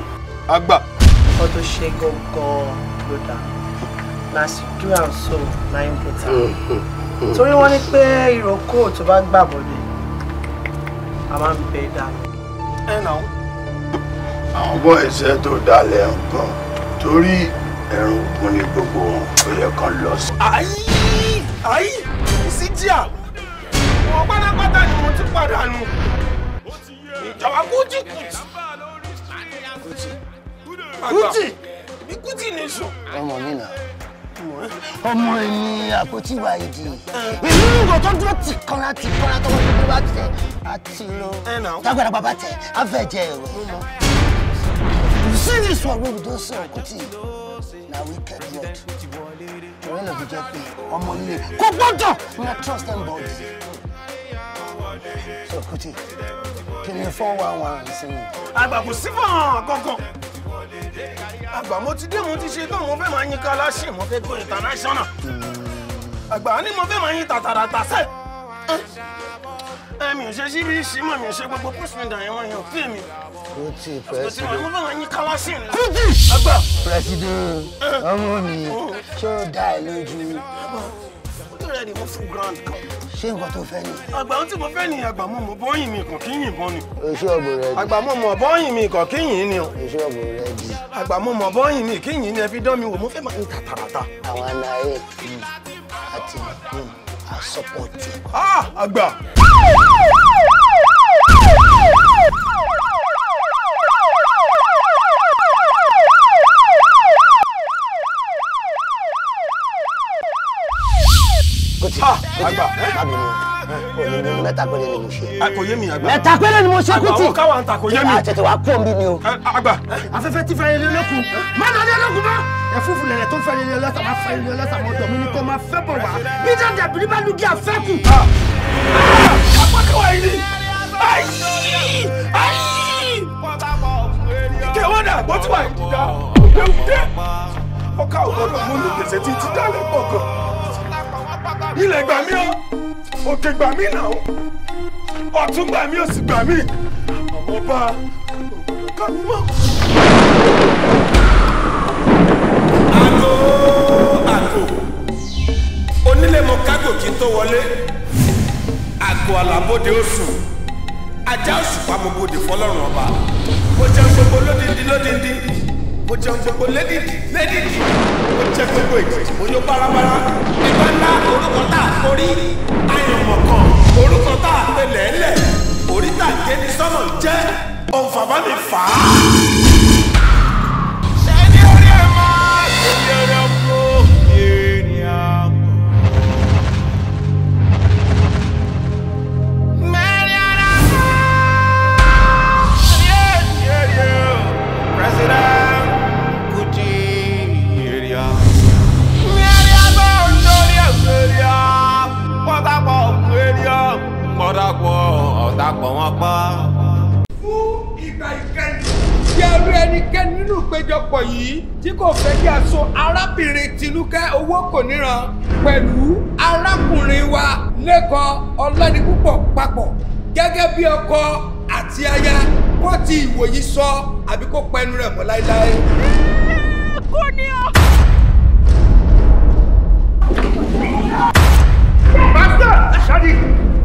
àgbà. ọkọ tó ṣe gangan ló dá na sikiru so na im better torí wọ́n ní pé ìrókò tó bá gbàbọ̀dé a máa ń bẹ dá ẹ nà ó. àwọn bọ́ ẹsẹ̀ tó dalẹ̀ nǹkan torí ẹ̀rù kún ní gbogbo wọn ó yẹ kán lọ sí. ayí ayí sí jíà wọn pátápátá ni mo ti pàdánù ìjọba kútì kùtì kùtì kùtì ní kùtì ní sùn. ọmọ mi nà ọmọ ẹni àpótí ìwà ìdí ìlú ìwò tó dúró ti kanra ti kanra tó wọ́n tó bá tẹ àti lọ tágbàdà bàbá tẹ afẹ́jẹ ẹ̀rọ serious wa wey we don sell Kuti na wicked word ọ̀rẹ́ náà fi jẹ́ pé ọmọ ilé kò gbọ́dọ̀ na trust them bodies so Kuti kìnìún four one one sí mi. àgbà kò sí fún ọ̀hún kankan àgbà mo ti dé mo ti ṣe tán mo fẹ́ máa yin kala ṣì mo fẹ́ go international àgbà ni mo fẹ́ máa yin tàtàrà tàṣẹ. mi ò ṣe sí ṣì mọ̀ mi ò ṣe gbogbo postmodern yẹn yẹn ò fẹ́ mi. o ti fẹ́ sí mi. mo fẹ́ máa yin kala ṣì british president ọmọ mi ṣé ó dá ẹ lójú already wọ́n full ground kan. ṣé nǹkan tó fẹ́ ni. àgbà tí mo fẹ́ ni àgbà mọ̀ bọ́yìn mi kàn kí yìnbọn ni. èso ọ̀bù rẹ di. àgbà mọ̀ bọ́yìn mi kàn kí ni o. èso ọ̀bù rẹ di. àgbà mọ̀ bọ́yìn mi kí ni ẹ dán mi wò mo fẹ́ máa ń tàtàràtà. àwọn aláyé hmm, àti hmm, àsopọ̀ tiẹ̀. Ah, àgbà. ṣe àgbà tàbí mi kò ní nínú mẹ́ta péré ni mo ṣe. kò yé mi àgbà kó mi ni o. afẹ́fẹ́ ti fẹ́ ilé lókun má lọ ilé lókun mọ́. ẹ̀fúùfù lẹ̀lẹ̀ tó fẹ́ ilé lọ́sà máa fẹ́ ilé lọ́sà mọ́ ọ̀dọ̀ mi ni kò máa fẹ́ bọ̀ wá. bí dáadáa bìrì bá lùgì àfẹ́kù. àpá káwa yìí ni ayi ayi kẹwàdà àgbọ̀tí wà ìdíjà òde òde ọkà òkòdò mọ́lú gbèsè ti ti dálẹ̀ gbọ̀ngàn ilẹ̀ gbà mí o òkè gbà mí náà ọ̀tún gbà mí òsì gbà mí àmọ́ bá ká mi mọ́. àgò àgò onílé mọ kágò kí n tó wọlé Ago àlàbòde oṣù ajá oṣù pamọ́ bodè fọlọ́run ọba mo jẹun gbogbo lódindi lódindi mo jẹun gbogbo lédìdì lédìdì mo jẹ gbogbo èjì mo yó bárabára nípa ńlá orúkọ tá a forí àyànmọ̀ orúkọ tá a pe lẹ́lẹ̀ oríta ìgbéni sọ́nà jẹ́ òǹfààfà mi fà á. ṣẹ́ni orí ẹ̀ máa ṣe yẹrẹ fún President! dàpọ̀ ọ̀tá pọ̀ wọ́n pọ̀. fún ìgbà ìkẹyìn. bí a rí ẹnikẹ́ni nínú ìpéjọpọ̀ yìí tí kò fẹ́ kí a so arábìnrin Tinúkẹ́ owó kò níran pẹ̀lú arákùnrin wa Lékan Ọládipúpọ̀ papọ̀ gẹ́gẹ́ bí ọkọ àti aya kó ti ìwòyí sọ àbí kó pẹnu rẹ̀ mọ́ láéláé. kò ní ọ. Master! Shadi!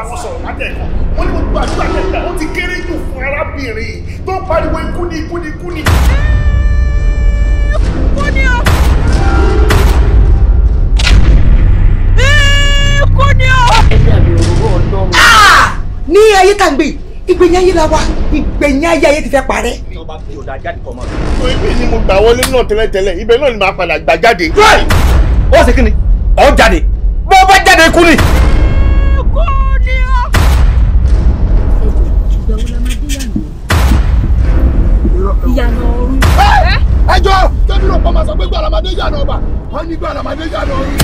bá wọn sọ̀rọ̀ látẹ̀kọ̀ wọ́n ní gbogbo àdúrà tẹ̀tà ó ti kéré jù fún arábìnrin tó ń pariwo ikú ni ikú ni ikú ni. ikú ni o. ikú ni o. Ah! ní ayé tá à gbé ìgbẹ̀yìn la wa ìgbẹ̀yìn ayé ayé ti fẹ́ parẹ́. ìjọba fi ọ̀dà jáde kọ̀ mọ́. ibi ni mo gbà wọlé náà tẹ́lẹ̀tẹ́lẹ̀ ibẹ̀ náà ni màá padà gbà jáde. ó ṣe kí ni ọ̀ jáde bó bá jáde kú ni. yànà ọrùn. ẹjọ́ kébí ló pọ́ máa sọ pé gbàlàmàdé yànà ọba wọ́n ní gbàlàmàdé yànà ọrùn.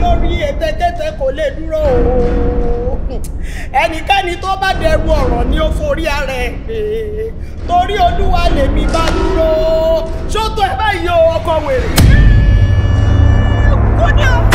lórí ẹtẹkẹtẹ kò lè dúró o ẹnikẹ́ni tó bá dẹrù ọ̀rọ̀ ni ó forí ara ẹ̀ torí olúwa lèmi bá dúró ṣótó ẹ báyìí o ọkọ wèrè. Oh no!